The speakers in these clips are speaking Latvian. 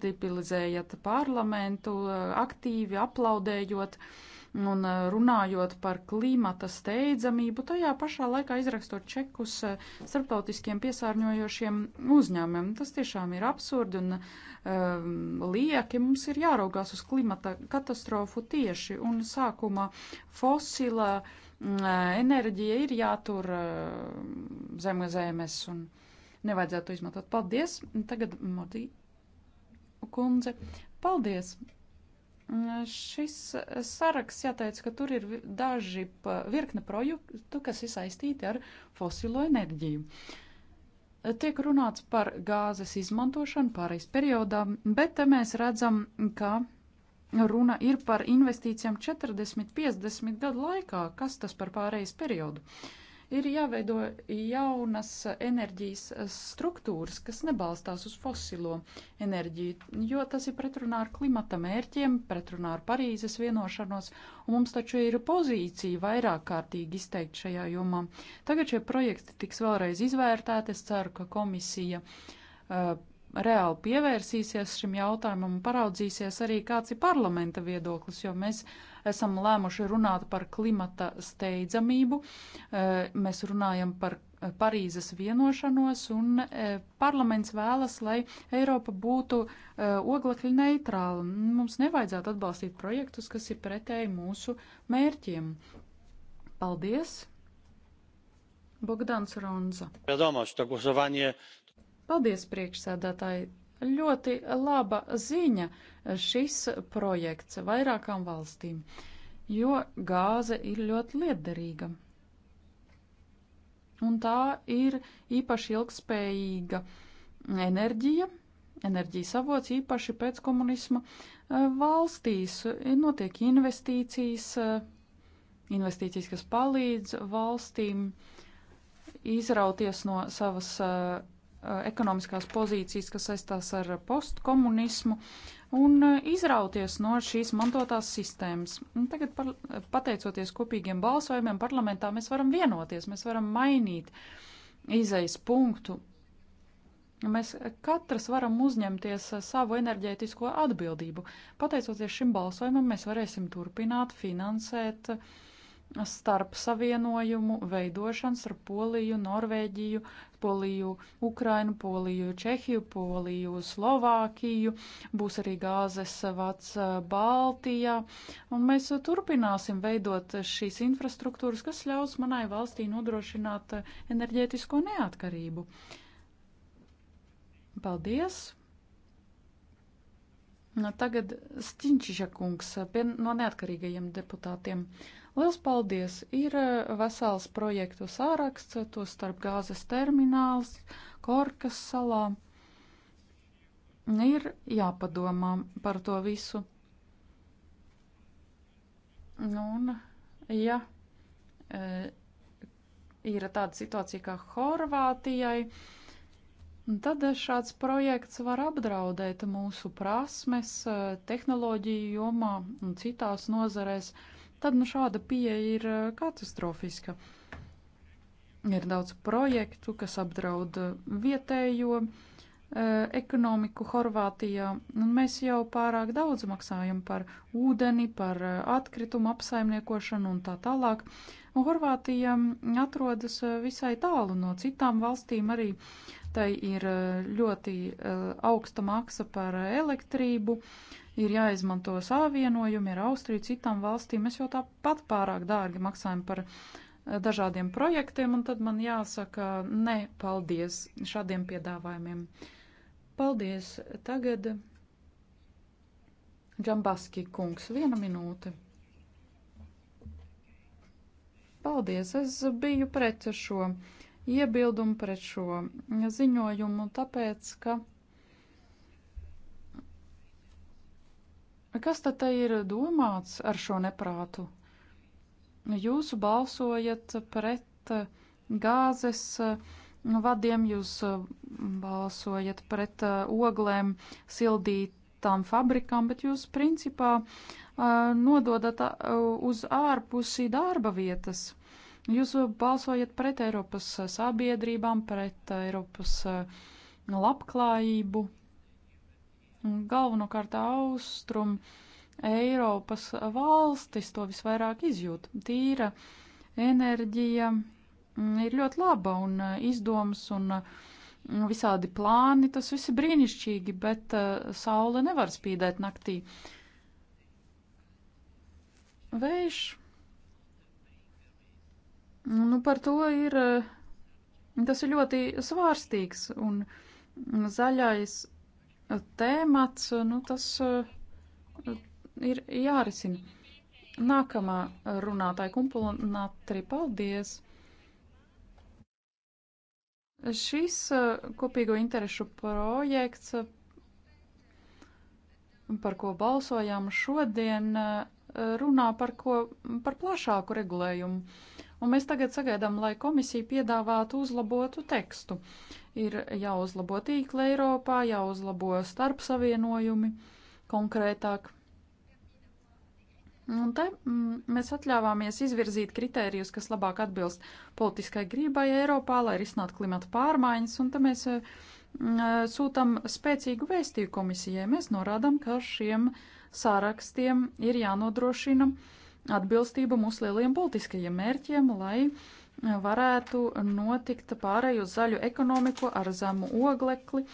stabilizējat parlamentu, eh, aktīvi aplaudējot un eh, runājot par klimata steidzamību, tajā pašā laikā izrakstot čekus eh, starptautiskiem piesārņojošiem uzņēmumiem. Tas tiešām ir absurdi un um, lieki. Mums ir jāraugās uz klimata katastrofu tieši un sākumā fosila um, enerģija ir jātur um, zem zemes un nevajadzētu izmantot. Paldies! Tagad Mordī kundze. Paldies! Šis saraksts jāteic, ka tur ir daži virkne projektu, kas ir saistīti ar fosilo enerģiju. Tiek runāts par gāzes izmantošanu pārejas periodā, bet te mēs redzam, ka runa ir par investīcijām 40-50 gadu laikā. Kas tas par pārejas periodu? Uh, Ir jāveido jaunas enerģijas struktūras, kas nebalstās uz fosilo enerģiju, jo tas ir pretrunā ar klimata mērķiem, pretrunā ar Parīzes vienošanos, un mums taču ir pozīcija vairāk kārtīgi izteikt šajā jomā. Tagad šie projekti tiks vēlreiz izvērtēti, es ceru, ka komisija uh, reāli pievērsīsies šim jautājumam un paraudzīsies arī kāds ir parlamenta viedoklis, jo mēs esam lēmuši runāt par klimata steidzamību. Eh, mēs runājam par eh, Parīzes vienošanos, un eh, parlaments vēlas, lai Eiropa būtu oglekļa neitrāla. Mums nevajadzētu atbalstīt projektus, kas ir pretēji mūsu mērķiem. Paldies! Bogdans Ronza. Paldies, priekšsēdētāji! Ļoti laba ziņa šis projekts vairākām valstīm, jo gāze ir ļoti liederīga. Un tā ir īpaši ilgspējīga enerģija, enerģijas avots īpaši pēc komunisma e, valstīs. E, notiek investīcijas, e, investīcijas, kas palīdz valstīm izrauties no savas Eh, ekonomiskās pozīcijas, kas saistās ar postkomunismu, un eh, izrauties no šīs mantotās sistēmas. Un tagad, par, pateicoties kopīgiem balsojumiem parlamentā, mēs varam vienoties, mēs varam mainīt izejas punktu. Mēs katrs varam uzņemties eh, savu enerģētisko atbildību. Pateicoties šim balsojumam, mēs varēsim turpināt finansēt uh, starp savienojumu veidošanas ar Poliju, Norvēģiju, Poliju, Ukrainu, Poliju, Čehiju, Poliju, Slovākiju, būs arī gāzes vats eh, Baltijā, un mēs turpināsim veidot šīs infrastruktūras, kas ļaus manai valstī nodrošināt eh, enerģētisko neatkarību. Paldies! Nu, tagad Stinčiša kungs eh, no neatkarīgajiem deputātiem. Uh, Liels paldies! Ir eh, vesels projektu sāraksts, to starp gāzes termināls, Korkas salā. Ir jāpadomā par to visu. Nu, un, ja e, ir tāda situācija kā Horvātijai, tad šāds projekts var apdraudēt mūsu prasmes eh, tehnoloģiju jomā un citās nozarēs. E, tad nu šāda pieeja ir eh, katastrofiska. Ir daudz projektu, kas apdraud eh, vietējo eh, ekonomiku Horvātijā, un mēs jau pārāk daudz maksājam par ūdeni, par atkritumu apsaimniekošanu un tā tālāk. Un Horvātija mm, atrodas visai tālu no citām valstīm, arī tai ir ļoti augsta maksa par elektrību, ir jāizmanto savienojumi ar Austriju, citām valstīm. Mēs jau tāpat pārāk dārgi maksājam par eh, dažādiem projektiem, un tad man jāsaka, ne, paldies šādiem piedāvājumiem. Paldies. Tagad Džambaski kungs, viena minūte. Paldies, es biju pret šo iebildumu, pret šo ziņojumu, tāpēc, ka Kas tad ir domāts ar šo neprātu? Jūs balsojat pret gāzes vadiem, jūs balsojat pret oglēm sildītām fabrikām, bet jūs principā nododat uz ārpusi darba vietas. Jūs balsojat pret Eiropas sabiedrībām, pret Eiropas labklājību, galvenokārt austrum Eiropas valstis to visvairāk izjūt. Tīra enerģija mm, ir ļoti laba un eh, izdoms un mm, visādi plāni, tas viss ir brīnišķīgi, bet eh, saule nevar spīdēt naktī. Vējš. Nu, par to ir, eh, tas ir ļoti svārstīgs un mm, zaļais tēmats, nu, tas eh, ir jārisina. Nākamā runātāja kumpulinātri, paldies! Šis eh, kopīgo interešu projekts, eh, par ko balsojām šodien, runā par, ko, par plašāku regulējumu Un mēs tagad sagaidām, lai komisija piedāvātu uzlabotu tekstu. Ir jāuzlabo tīkla Eiropā, jāuzlabo starpsavienojumi konkrētāk. Un te mm, mēs atļāvāmies izvirzīt kritērijus, kas labāk atbilst politiskai grībai Eiropā, lai risinātu klimata pārmaiņas, un te mēs eh, mm, eh, sūtam spēcīgu vēstīju komisijai. Mēs norādām, ka šiem sārakstiem ir jānodrošina uh, atbilstība mūsu lielajiem politiskajiem mērķiem, lai eh, varētu notikt pārēju zaļu ekonomiku ar zemu oglekli.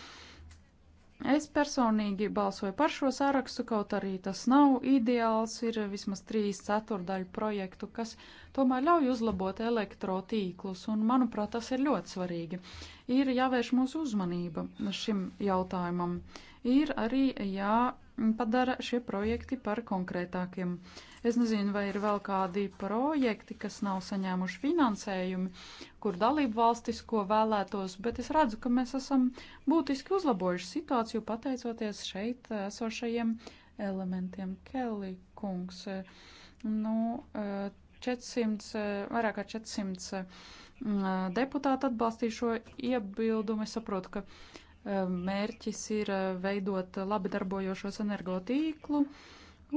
Es personīgi balsoju par šo sārakstu, kaut arī tas nav ideāls, ir vismaz trīs ceturdaļu projektu, kas tomēr ļauj uzlabot elektrotīklus, un manuprāt, tas ir ļoti svarīgi. Ir jāvērš mūsu uzmanība šim jautājumam. Ir arī jā padara šie projekti par konkrētākiem. Es nezinu, vai ir vēl kādi projekti, kas nav saņēmuši finansējumu, kur dalību valstis ko vēlētos, bet es redzu, ka mēs esam būtiski uzlabojuši situāciju pateicoties šeit esošajiem elementiem. Kelly kungs, nu, 400, vairāk kā 400 mm, deputāti atbalstīja šo iebildumu. Es saprotu, ka mērķis ir eh, veidot labi darbojošos energotīklu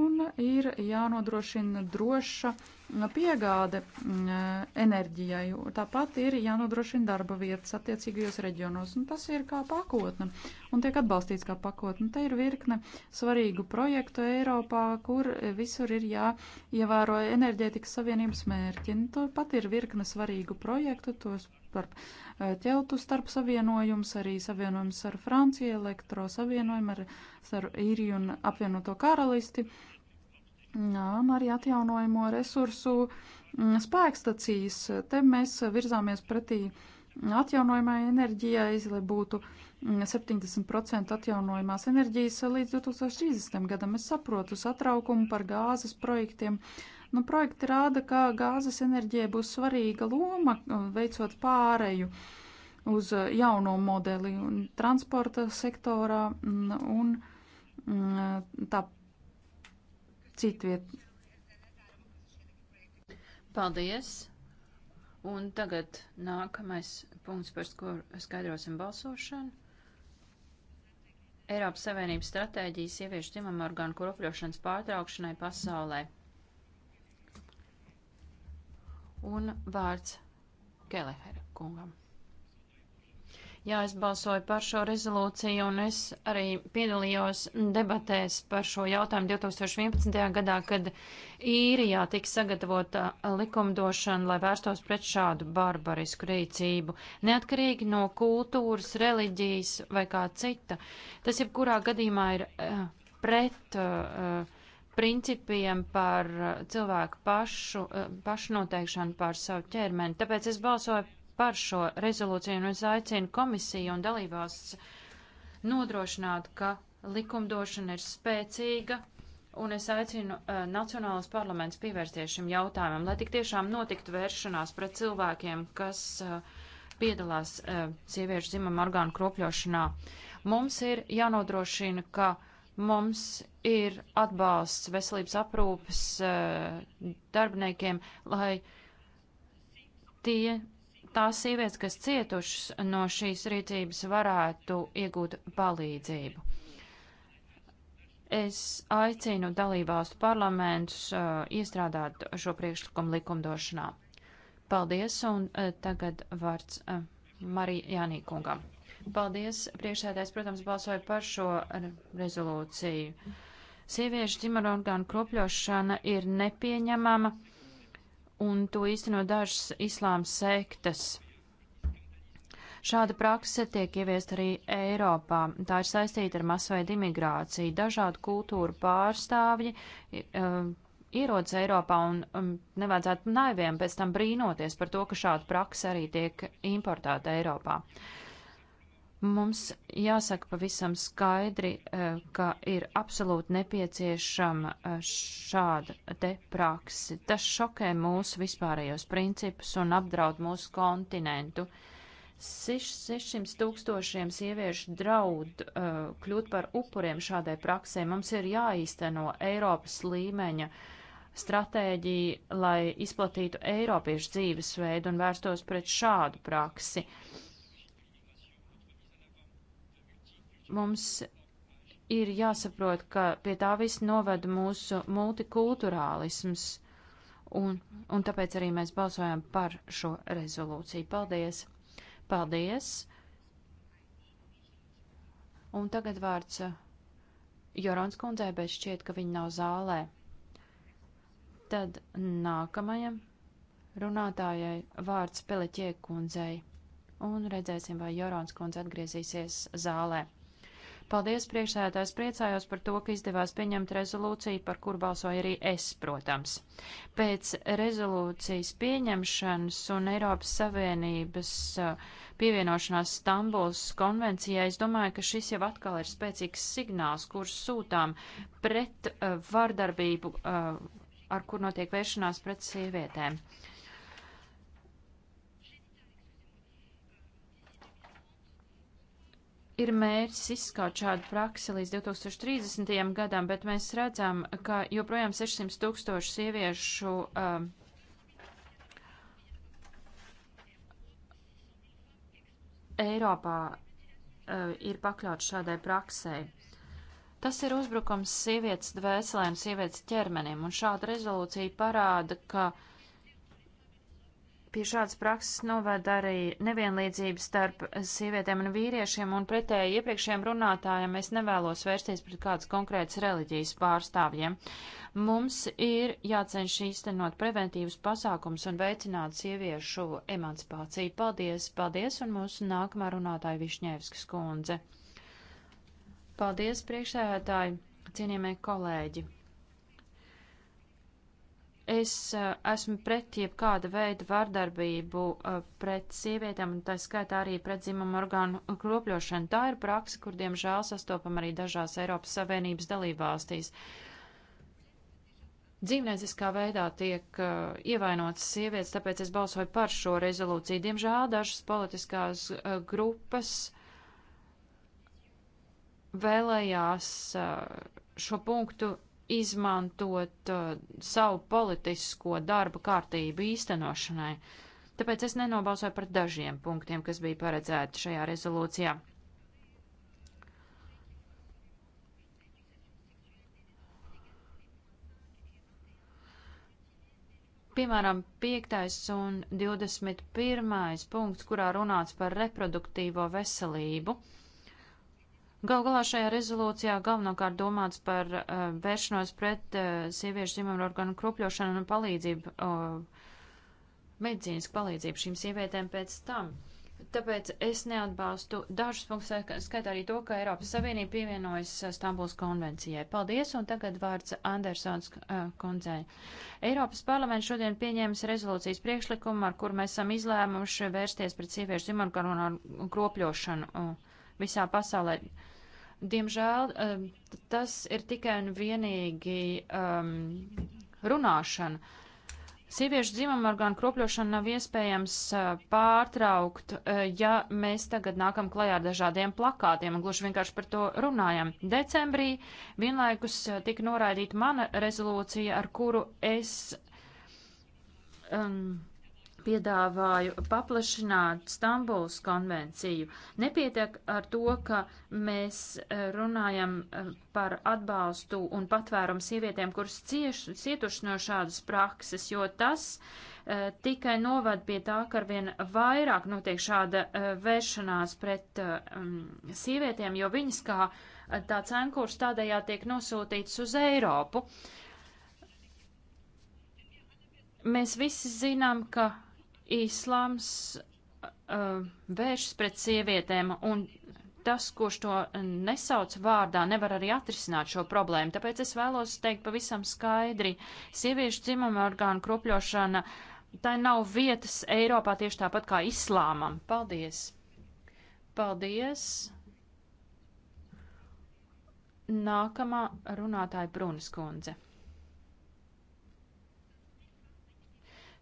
un ir jānodrošina droša piegāde mm, eh, enerģijai. Tāpat ir jānodrošina darba vietas attiecīgajos reģionos, un tas ir kā pakotne, un tiek atbalstīts kā pakotne. Te ir virkne svarīgu projektu Eiropā, kur eh, visur ir jāievēro enerģētikas savienības mērķi. Un nu, tāpat ir virkne svarīgu projektu, tos starp eh, ķeltu starp savienojums, arī savienojums ar Franciju, elektrosavienojumu ar, ar Īriju un apvienoto karalisti, un arī atjaunojamo resursu mm, spēkstacijas. Te mēs virzāmies pretī atjaunojumai enerģijai, lai būtu 70% mm, atjaunojumās enerģijas līdz 2030. gadam. Es saprotu satraukumu par gāzes projektiem. Uh, Nu, projekti rāda, ka gāzes enerģija būs svarīga loma uh, veicot pāreju uz uh, jauno modeli un transporta sektorā mm, un mm, tā citviet. Paldies! Un tagad nākamais punkts, par ko skaidrosim balsošanu. Eiropas Savienības stratēģijas ieviešu dzimuma orgānu kropļošanas pārtraukšanai pasaulē. Un vārds Kelehera kungam. Jā, es balsoju par šo rezolūciju, un es arī piedalījos debatēs par šo jautājumu 2011. gadā, kad īrijā tika sagatavota likumdošana, lai vērstos pret šādu barbarisku rīcību, neatkarīgi no kultūras, reliģijas vai kā cita. Tas jebkurā gadījumā ir uh, pret. Uh, principiem par eh, cilvēku pašu, eh, pašnoteikšanu pār savu ķermeni. Tāpēc es balsoju par šo rezolūciju un es aicinu komisiju un dalībās nodrošināt, ka likumdošana ir spēcīga. Un es aicinu uh, eh, Nacionālas parlaments pievērsties šim jautājumam, lai tik tiešām notiktu vēršanās pret cilvēkiem, kas uh, piedalās uh, sieviešu dzimuma orgānu kropļošanā. Mums ir jānodrošina, ka uh, Mums ir atbalsts veselības aprūpes eh, darbiniekiem, lai tie, tās sievietes, kas cietušas no šīs rīcības, varētu iegūt palīdzību. Es aicinu dalībvalstu parlamentus uh, iestrādāt šo priekšlikumu likumdošanā. Paldies, un uh, tagad vārds uh, Marijānī kungam. Paldies, priekšsēdājs, protams, balsoja par šo rezolūciju. Sieviešu dzimuma orgānu kropļošana ir nepieņemama, un to īsteno dažas islāma sektas. Šāda prakse tiek ieviest arī Eiropā. Tā ir saistīta ar masveidu imigrāciju. Dažādu kultūru pārstāvji uh, ierodas Eiropā un um, nevajadzētu naiviem pēc tam brīnoties par to, ka šāda prakse arī tiek importēta Eiropā. Uh, Mums jāsaka pavisam skaidri, eh, ka ir absolūti nepieciešama eh, šāda te praksi. Tas šokē mūsu vispārējos principus un apdraud mūsu kontinentu. 600 tūkstošiem sieviešu draud uh, kļūt par upuriem šādai praksē. Mums ir jāīsteno Eiropas līmeņa stratēģija, lai izplatītu Eiropiešu dzīvesveidu un vērstos pret šādu praksi. Uh, Mums ir jāsaprot, ka pie tā viss noveda mūsu multikulturālisms, un, un tāpēc arī mēs balsojam par šo rezolūciju. Paldies! Paldies! Un tagad vārds uh, Jorons kundzei, bet šķiet, ka viņa nav zālē. Tad nākamajam runātājai vārds Peleķie kundzei, un redzēsim, vai Jorons kundze atgriezīsies zālē. Paldies, priekšsēdētājs, priecājos par to, ka izdevās pieņemt rezolūciju, par kur balsoju arī es, protams. Pēc rezolūcijas pieņemšanas un Eiropas Savienības uh, pievienošanās Stambuls konvencijai, es domāju, ka šis jau atkal ir spēcīgs signāls, kurš sūtām pret uh, vardarbību, uh, ar kur notiek vēršanās pret sievietēm. Uh, ir mērķis izskaut šādu praksi līdz 2030. gadam, bet mēs redzam, ka joprojām 600 tūkstoši sieviešu um, Eiropā uh, ir pakļauts šādai praksē. Tas ir uzbrukums sievietes dvēselēm, sievietes ķermenim, un šāda rezolūcija parāda, ka uh, Pie šādas prakses novēd arī nevienlīdzības starp sievietēm un vīriešiem, un pretēji iepriekšējiem runātājiem es nevēlos vērsties pret kādas konkrētas reliģijas pārstāvjiem. Mums ir jācenš īstenot preventīvas pasākums un veicināt sieviešu emancipāciju. Paldies, paldies, un mūsu nākamā runātāja Višņēvskas kundze. Paldies, priekšsēdētāji, cienījamie kolēģi! Es uh, esmu pret jebkāda veida vārdarbību uh, eh, pret sievietēm, un tā skaitā arī pret dzimumu orgānu kropļošanu. Tā ir praksa, kur diemžēl sastopam arī dažās Eiropas Savienības dalībvalstīs. Dzīvnieciskā veidā tiek uh, ievainotas sievietes, tāpēc es balsoju par šo rezolūciju. Diemžēl dažas politiskās uh, grupas vēlējās uh, šo punktu izmantot uh, savu politisko darba kārtību īstenošanai. Tāpēc es nenobalsoju par dažiem punktiem, kas bija paredzēti šajā rezolūcijā. Piemēram, 5. un 21. punkts, kurā runāts par reproduktīvo veselību. Gal galā šajā rezolūcijā galvenokārt domāts par uh, vēršanos pret uh, sieviešu dzimumu organu kropļošanu un palīdzību, uh, medicīnisku palīdzību šīm sievietēm pēc tam. Tāpēc es neatbalstu dažus punktus, eh, skaitā arī to, ka Eiropas Savienība pievienojas Stambuls konvencijai. Paldies, un tagad vārds Andersons uh, kundzei. Eiropas parlaments šodien pieņēmis rezolūcijas priekšlikumu, ar kur mēs esam izlēmuši vērsties pret sieviešu dzimumu organu kropļošanu. Uh, visā pasaulē. Diemžēl um, tas ir tikai un vienīgi um, runāšana. Sieviešu dzimuma orgānu kropļošanu nav iespējams uh, pārtraukt, uh, ja mēs tagad nākam klajā ar dažādiem plakātiem un gluži vienkārši par to runājam. Decembrī vienlaikus uh, tika noraidīta mana rezolūcija, ar kuru es um, piedāvāju paplašināt Stambuls konvenciju. Nepietiek ar to, ka mēs eh, runājam eh, par atbalstu un patvērumu sievietēm, kuras cieši, cietuši no šādas prakses, jo tas uh, tikai novad pie tā, ka arvien vairāk notiek šāda uh, vēršanās pret uh, sievietēm, jo viņas kā tā cenkurs tādējā tiek nosūtīts uz Eiropu. Mēs visi zinām, ka Īslāms uh, vēršas pret sievietēm un tas, kurš to nesauc vārdā, nevar arī atrisināt šo problēmu. Tāpēc es vēlos teikt pavisam skaidri, sieviešu dzimuma orgānu kropļošana, tai nav vietas Eiropā tieši tāpat kā islāmam. Paldies! Paldies! Nākamā runātāja Brunis kundze.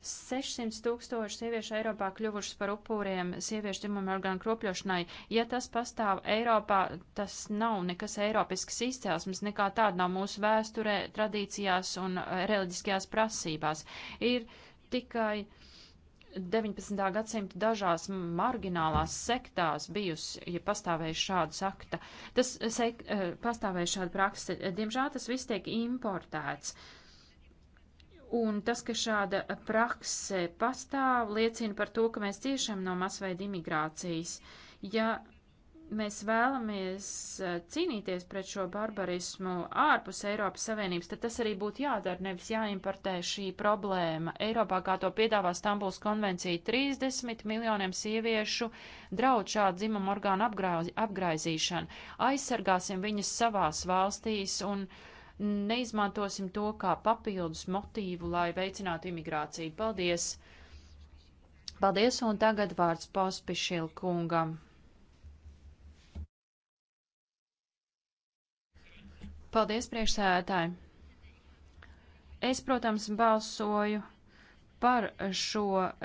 600 tūkstoši sieviešu Eiropā kļuvušas par upūriem sieviešu dzimumu orgānu kropļošanai. Ja tas pastāv Eiropā, tas nav nekas eiropisks izcelsmes, nekā tāda nav mūsu vēsturē, tradīcijās un reliģiskajās prasībās. Ir tikai 19. gadsimta dažās marginālās sektās bijusi, ja pastāvēja šāda sakta. Tas sek, eh, pastāvēja šāda praksa. Diemžēl tas viss tiek importēts. Uh, Un tas, ka šāda prakse pastāv, liecina par to, ka mēs ciešam no masveida imigrācijas. Ja mēs vēlamies eh, cīnīties pret šo barbarismu ārpus Eiropas Savienības, tad tas arī būtu jādara, nevis jāimportē šī problēma. Eiropā, kā to piedāvā Stambuls konvencija, 30 miljoniem sieviešu draud šādu dzimumu orgānu apgrauzi, apgraizīšanu. Aizsargāsim viņas savās valstīs un. Uh, neizmantosim to kā papildus motīvu, lai veicinātu imigrāciju. Paldies! Paldies, un tagad vārds Pospišil kungam. Paldies, priekšsēdētāji! Es, protams, balsoju par šo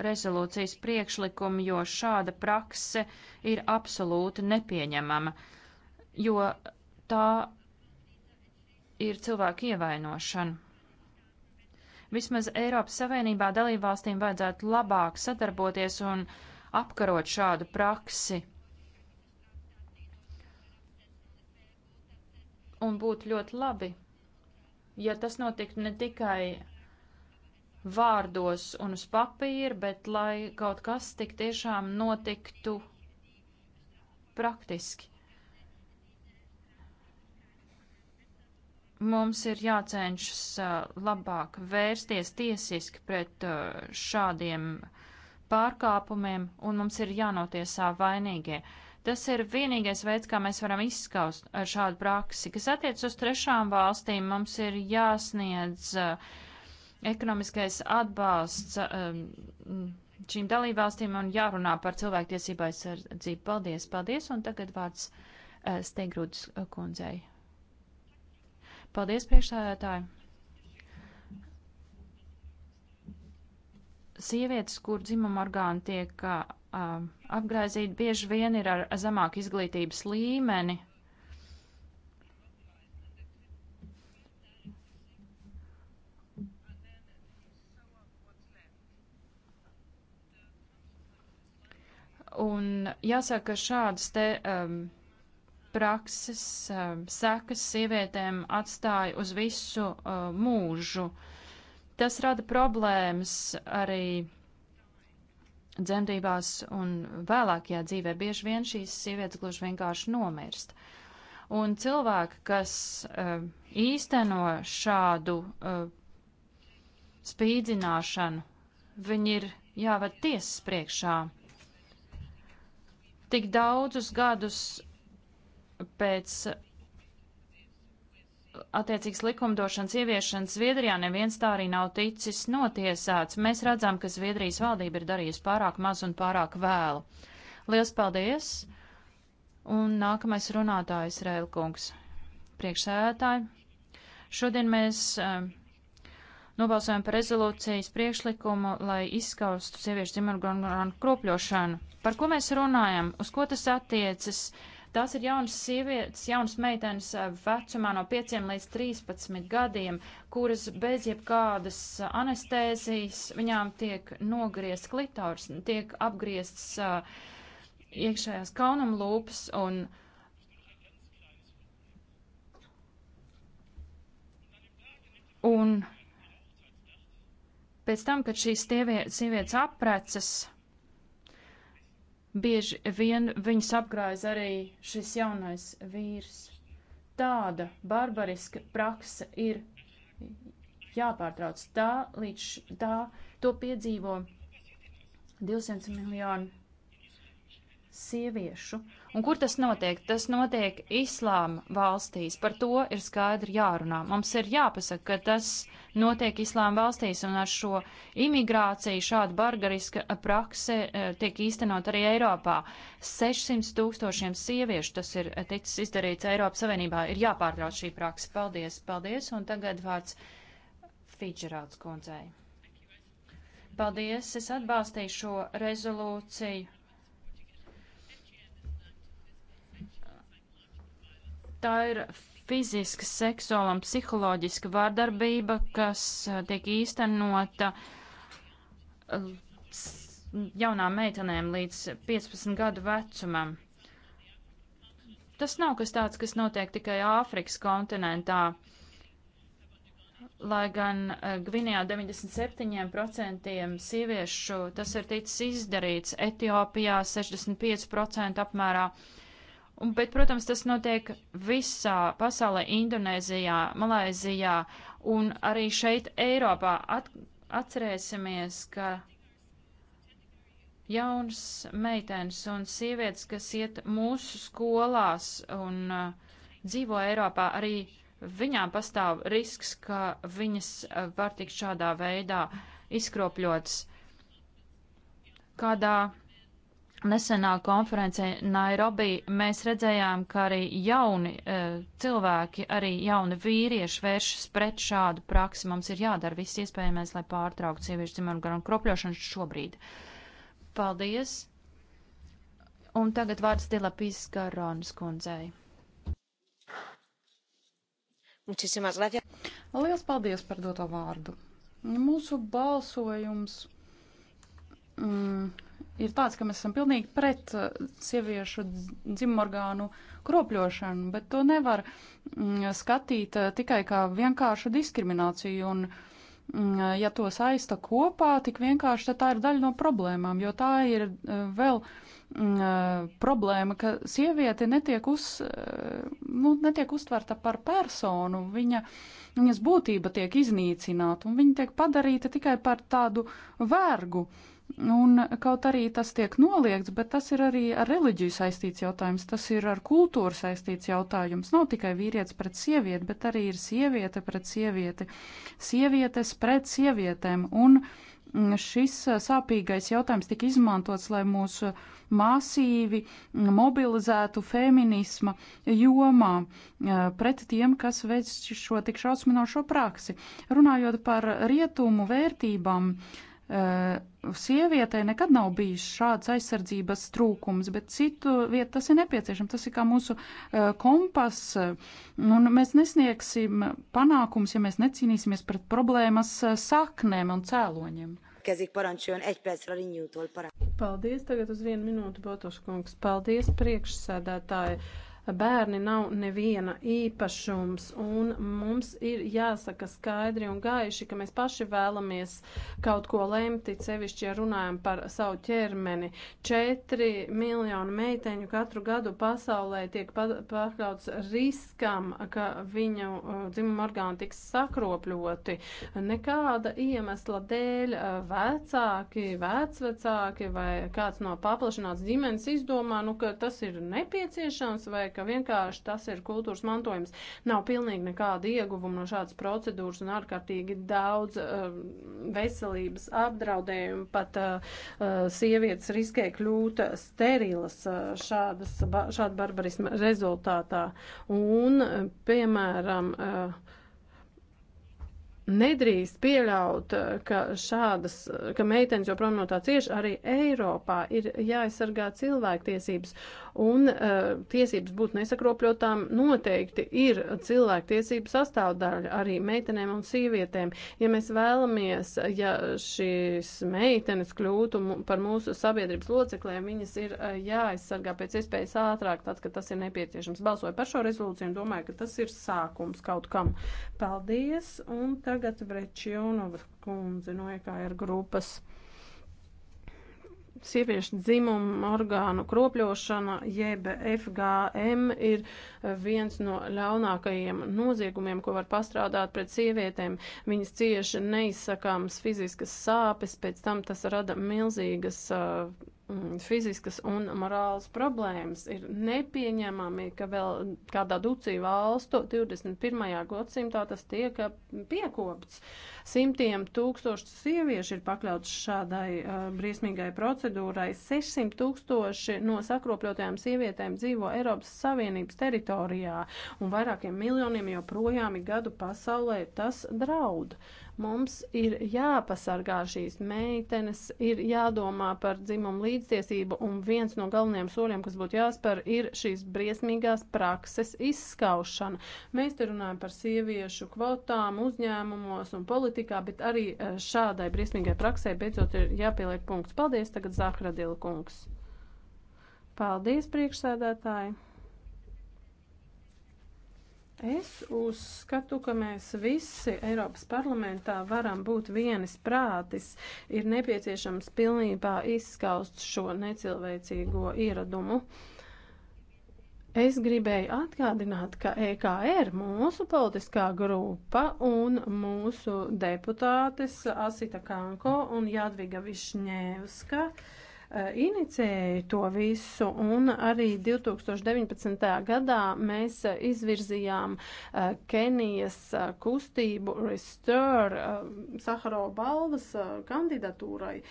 rezolūcijas priekšlikumu, jo šāda prakse ir absolūti nepieņemama, jo tā ir cilvēku ievainošana. Vismaz Eiropas Savienībā dalībvalstīm vajadzētu labāk sadarboties un apkarot šādu praksi. Un būtu ļoti labi, ja tas notiktu ne tikai vārdos un uz papīra, bet lai kaut kas tik tiešām notiktu praktiski. Mums ir jācenšas labāk vērsties tiesiski pret šādiem pārkāpumiem, un mums ir jānotiesā vainīgie. Tas ir vienīgais veids, kā mēs varam izskaust šādu praksi. Kas attiec uz trešām valstīm, mums ir jāsniedz uh, ekonomiskais atbalsts um, šīm dalībvalstīm un jārunā par cilvēktiesību aizsardzību. Paldies, paldies, un tagad vārds uh, Steigrūdas kundzei. Paldies, priekšsēdētāji! Sievietes, kur dzimuma orgāni tiek uh, apgraizīti, bieži vien ir ar zemāku izglītības līmeni. Un jāsaka, ka šādas te. Um, prakses um, sekas sievietēm atstāja uz visu uh, mūžu. Tas rada problēmas arī dzemdībās un vēlākajā dzīvē. Bieži vien šīs sievietes gluži vienkārši nomirst. Un cilvēki, kas uh, īsteno šādu uh, spīdzināšanu, viņi ir jāved tiesas priekšā. Tik daudzus gadus pēc attiecīgas likumdošanas ieviešanas Zviedrijā neviens tā arī nav ticis notiesāts. Mēs redzam, ka Zviedrijas valdība ir darījusi pārāk maz un pārāk vēlu. Lielas paldies! Un nākamais runātājs Rēlkungs. Priekšsēdētāji, šodien mēs uh, nobalsojam par rezolūcijas priekšlikumu, lai izskaustu sieviešu dzimumorganu kropļošanu. Par ko mēs runājam? Uz ko tas attiecas? Uh, Tās ir jaunas sievietes, jaunas meitenes eh, vecumā no 5 līdz 13 gadiem, kuras bez jebkādas eh, anestēzijas viņām tiek nogriezt klitors, tiek apgriezts uh, iekšējās kaunamlūpas un. Un pēc tam, kad šīs sievietes aprecas, Bieži vien viņus apgrāz arī šis jaunais vīrs. Tāda barbariska praksa ir jāpārtrauc. Tā līdz tā to piedzīvo 200 miljonu sieviešu. Un kur tas notiek? Tas notiek islāma valstīs. Par to ir skaidri jārunā. Mums ir jāpasaka, ka tas notiek islāma valstīs, un ar šo imigrāciju šāda bargariska prakse eh, tiek īstenot arī Eiropā. 600 tūkstošiem sieviešu tas ir eh, ticis izdarīts Eiropas Savienībā. Ir jāpārtrauc šī praksa. Paldies, paldies, un tagad vārds Fidžerāts kundzei. Paldies, es atbalstīju šo rezolūciju Tā ir fiziska, seksuāla un psiholoģiska vārdarbība, kas eh, tiek īstenota eh, jaunām meitenēm līdz 15 gadu vecumam. Tas nav kas tāds, kas notiek tikai Āfrikas kontinentā lai gan eh, Gvinijā 97% sieviešu tas ir ticis izdarīts, Etiopijā 65% apmērā. Uh, Un, bet, protams, tas notiek visā pasaulē - Indonēzijā, Malaizijā un arī šeit Eiropā. At, atcerēsimies, ka jauns meitenes un sievietes, kas iet mūsu skolās un uh, dzīvo Eiropā, arī viņām pastāv risks, ka viņas uh, var tikt šādā veidā izkropļotas. Kādā Nesenā konferencē Nairobi mēs redzējām, ka arī jauni e, cilvēki, arī jauni vīrieši vēršas pret šādu praksi. Mums ir jādara viss iespējamais, lai pārtrauktu sieviešu dzimumu kropļošanu šobrīd. Paldies! Un tagad vārds Dilapīs Garonas kundzei. Lielas paldies par doto vārdu. Mūsu balsojums. Mm, ir tāds, ka mēs esam pilnīgi pret uh, sieviešu dzimorgānu kropļošanu, bet to nevar mm, skatīt uh, tikai kā vienkāršu diskrimināciju. Un, mm, uh, ja to saista kopā, tik vienkārši tā ir daļa no problēmām, jo tā ir vēl. Uh, Mm, problēma, ka sieviete netiek, uz, nu, netiek uztverta par personu, viņa, viņas būtība tiek iznīcināta un viņa tiek padarīta tikai par tādu vergu. Un kaut arī tas tiek noliegts, bet tas ir arī ar reliģiju saistīts jautājums, tas ir ar kultūru saistīts jautājums. Nav tikai vīrietis pret sievieti, bet arī ir sieviete pret sievieti, sievietes pret sievietēm. Un, uh, šis eh, sāpīgais jautājums tika izmantots, lai mūs eh, masīvi mm, mobilizētu feminisma jomā eh, pret tiem, kas veic šo tik šausminošo praksi. Runājot par rietumu vērtībām, uh, Eh, sievietei nekad nav bijis šāds aizsardzības trūkums, bet citu vietu tas ir nepieciešams. Tas ir kā mūsu eh, kompass, un mēs nesniegsim panākums, ja mēs necīnīsimies pret problēmas eh, saknēm un cēloņiem. Paldies, tagad uz vienu minūtu, Botoškungs. Paldies, priekšsēdētāji bērni nav neviena īpašums, un mums ir jāsaka skaidri un gaiši, ka mēs paši vēlamies kaut ko lemti, sevišķi, ja runājam par savu ķermeni. Četri miljoni meiteņu katru gadu pasaulē tiek pakļauts riskam, ka viņu uh, dzimuma orgāni tiks sakropļoti. Nekāda iemesla dēļ uh, vecāki, vecvecāki vai kāds no paplašināts ģimenes izdomā, nu, ka tas ir nepieciešams vai ka vienkārši tas ir kultūras mantojums. Nav pilnīgi nekāda ieguvuma no šādas procedūras un ārkārtīgi daudz uh, veselības apdraudējumu. Pat uh, uh, sievietes riskē kļūt sterilas uh, šādas, ba, šāda barbarisma rezultātā. Un, uh, piemēram, uh, Nedrīkst pieļaut, eh, ka šādas, eh, ka meitenes joprojām no tā cieši arī Eiropā ir jāaizsargā cilvēktiesības un uh, tiesības būt nesakropļotām noteikti ir cilvēktiesības sastāvdaļa arī meitenēm un sīvietēm. Ja mēs vēlamies, ja šīs meitenes kļūtu par mūsu sabiedrības locekliem, viņas ir uh, jāaizsargā pēc iespējas ātrāk, tad, kad tas ir nepieciešams. Balsoju par šo rezolūciju un domāju, ka tas ir sākums kaut kam. Paldies! Un tā Tagad Brečionovas kundze no EKR grupas sieviešu dzimumu orgānu kropļošana, jeb FGM, ir viens no ļaunākajiem noziegumiem, ko var pastrādāt pret sievietēm. Viņas cieši neizsakāms fiziskas sāpes, pēc tam tas rada milzīgas. Uh, Mm, fiziskas un morālas problēmas. Ir nepieņemami, ka vēl kādā ducī valstu 21. gadsimtā tas tiek uh, piekopts. Simtiem tūkstoši sieviešu ir pakļauts šādai uh, briesmīgai procedūrai. 600 tūkstoši no sakropļotajām sievietēm dzīvo Eiropas Savienības teritorijā un vairākiem miljoniem joprojām ir gadu pasaulē tas draud. Mums ir jāpasargā šīs meitenes, ir jādomā par dzimumu līdztiesību, un viens no galvenajiem soļiem, kas būtu jāspēr, ir šīs briesmīgās prakses izskaušana. Mēs te runājam par sieviešu kvotām, uzņēmumos un politikā, bet arī e, šādai briesmīgai praksē beidzot ir jāpieliek punkts. Paldies, tagad Zahradila kungs. Paldies, priekšsēdētāji! Es uzskatu, ka mēs visi Eiropas parlamentā varam būt vienis prātis. Ir nepieciešams pilnībā izskaust šo necilvēcīgo ieradumu. Es gribēju atgādināt, ka EKR mūsu politiskā grupa un mūsu deputātes Asita Kanko un Jadviga Višņēvska uh, Eh, inicēja to visu, un arī 2019. gadā mēs eh, izvirzījām eh, Kenijas kustību Restore Saharo balvas kandidatūrai.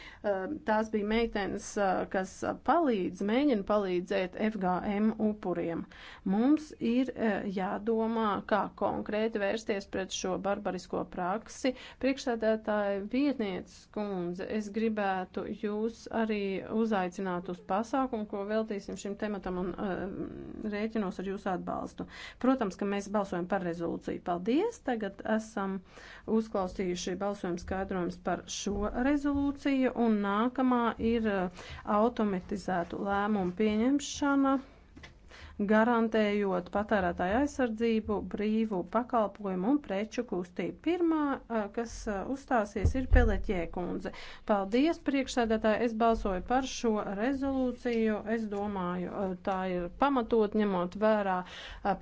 Tās bija meitenes, kas palīdz, mēģina palīdzēt FGM upuriem. Mums ir jādomā, kā konkrēti vērsties pret šo barbarisko praksi. Priekšsēdētāja vietnieces kundze, es gribētu jūs arī uzaicināt uz pasākumu, ko veltīsim šim tematam un uh, rēķinos ar jūsu atbalstu. Protams, ka mēs balsojam par rezolūciju. Paldies! Tagad esam uzklausījuši balsojumu skaidrojums par šo rezolūciju un nākamā ir eh, automatizētu lēmumu pieņemšana garantējot patērētāju aizsardzību, brīvu pakalpojumu un preču kustību. Pirmā, kas uzstāsies, ir Peleķie kundze. Paldies, priekšsēdētāji, es balsoju par šo rezolūciju. Es domāju, tā ir pamatot ņemot vērā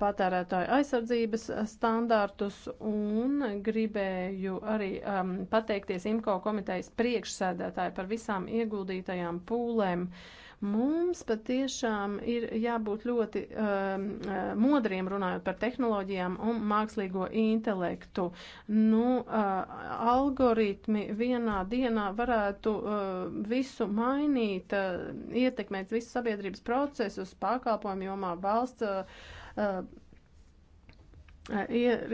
patērētāju aizsardzības standārtus un gribēju arī um, pateikties IMKO komitejas priekšsēdētāji par visām ieguldītajām pūlēm. Uh, Mums patiešām ir jābūt ļoti um, uh, modriem runājot par tehnoloģijām un mākslīgo intelektu. Nu, uh, algoritmi vienā dienā varētu uh, visu mainīt, uh, ietekmēt visu sabiedrības procesus, pakalpojumu jomā valsts. Uh, uh, ir,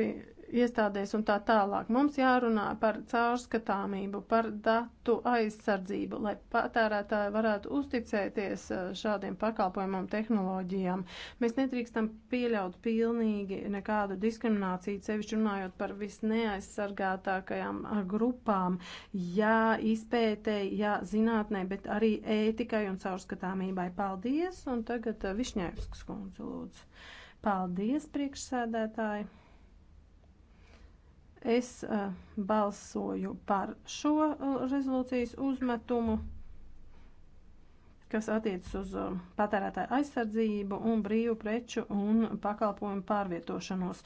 iestādēs un tā tālāk. Mums jārunā par caurskatāmību, par datu aizsardzību, lai patērētāji varētu uzticēties eh, šādiem pakalpojumam tehnoloģijām. Mēs nedrīkstam pieļaut pilnīgi nekādu diskrimināciju, sevišķi runājot par visneaizsargātākajām eh, grupām, jā, izpētē, jā, zinātnē, bet arī ētikai un caurskatāmībai. Paldies, un tagad eh, Višņēvskas kundze lūdzu. Paldies, priekšsēdētāji! Es uh, balsoju par šo uh, rezolūcijas uzmetumu, kas attiecas uz uh, patērētāju aizsardzību un brīvu preču un pakalpojumu pārvietošanos.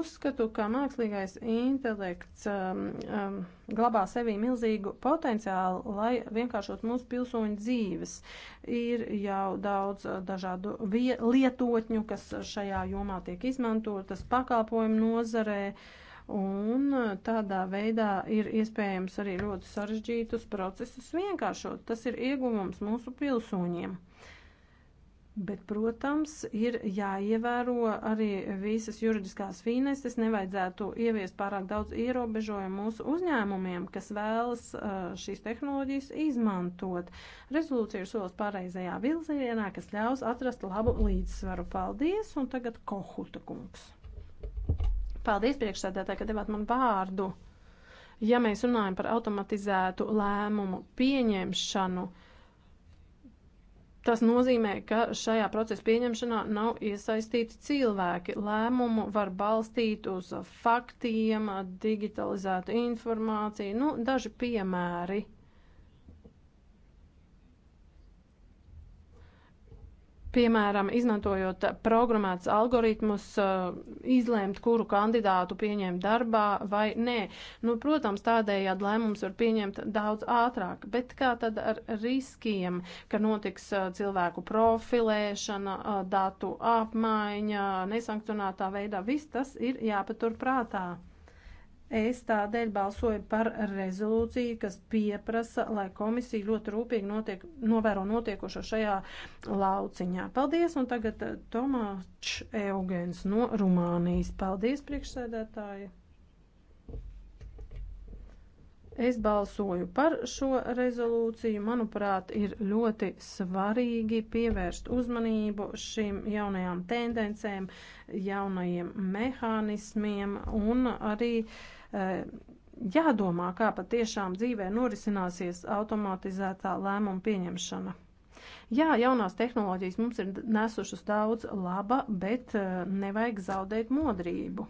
Uzskatu, ka mākslīgais intelekts um, um, glabā sevī milzīgu potenciālu, lai vienkāršot mūsu pilsoņu dzīves. Ir jau daudz dažādu lietotņu, kas šajā jomā tiek izmantotas pakalpojumu nozarē. Uh, un eh, tādā veidā ir iespējams arī ļoti sarežģītus procesus vienkāršot. Tas ir ieguvums mūsu pilsoņiem. Bet, protams, ir jāievēro arī visas juridiskās fīnestes, nevajadzētu ieviest pārāk daudz ierobežojumu mūsu uzņēmumiem, kas vēlas eh, šīs tehnoloģijas izmantot. Rezolūcija ir solis pareizajā vilzienā, kas ļaus atrast labu līdzsvaru. Paldies, un tagad Kohuta kungs. Paldies priekšsēdētāji, ka devāt man vārdu. Ja mēs runājam par automatizētu lēmumu pieņemšanu, tas nozīmē, ka šajā procesa pieņemšanā nav iesaistīti cilvēki. Lēmumu var balstīt uz faktiem, digitalizētu informāciju, nu, daži piemēri. piemēram, izmantojot programmētas algoritmus, eh, izlēmt, kuru kandidātu pieņemt darbā vai nē. Nu, protams, tādējādi lēmums var pieņemt daudz ātrāk, bet kā tad ar riskiem, ka notiks eh, cilvēku profilēšana, eh, datu apmaiņa, nesankcionētā veidā, viss tas ir jāpatur prātā. Es tādēļ balsoju par rezolūciju, kas pieprasa, lai komisija ļoti rūpīgi notiek, novēro notiekošo šajā lauciņā. Paldies, un tagad eh, Tomāčs Eugens no Rumānijas. Paldies, priekšsēdētāji! Es balsoju par šo rezolūciju. Manuprāt, ir ļoti svarīgi pievērst uzmanību šīm jaunajām tendencēm, jaunajiem mehānismiem un arī e, jādomā, kā patiešām dzīvē norisināsies automatizētā lēmuma pieņemšana. Jā, jaunās tehnoloģijas mums ir nesušas daudz laba, bet e, nevajag zaudēt modrību.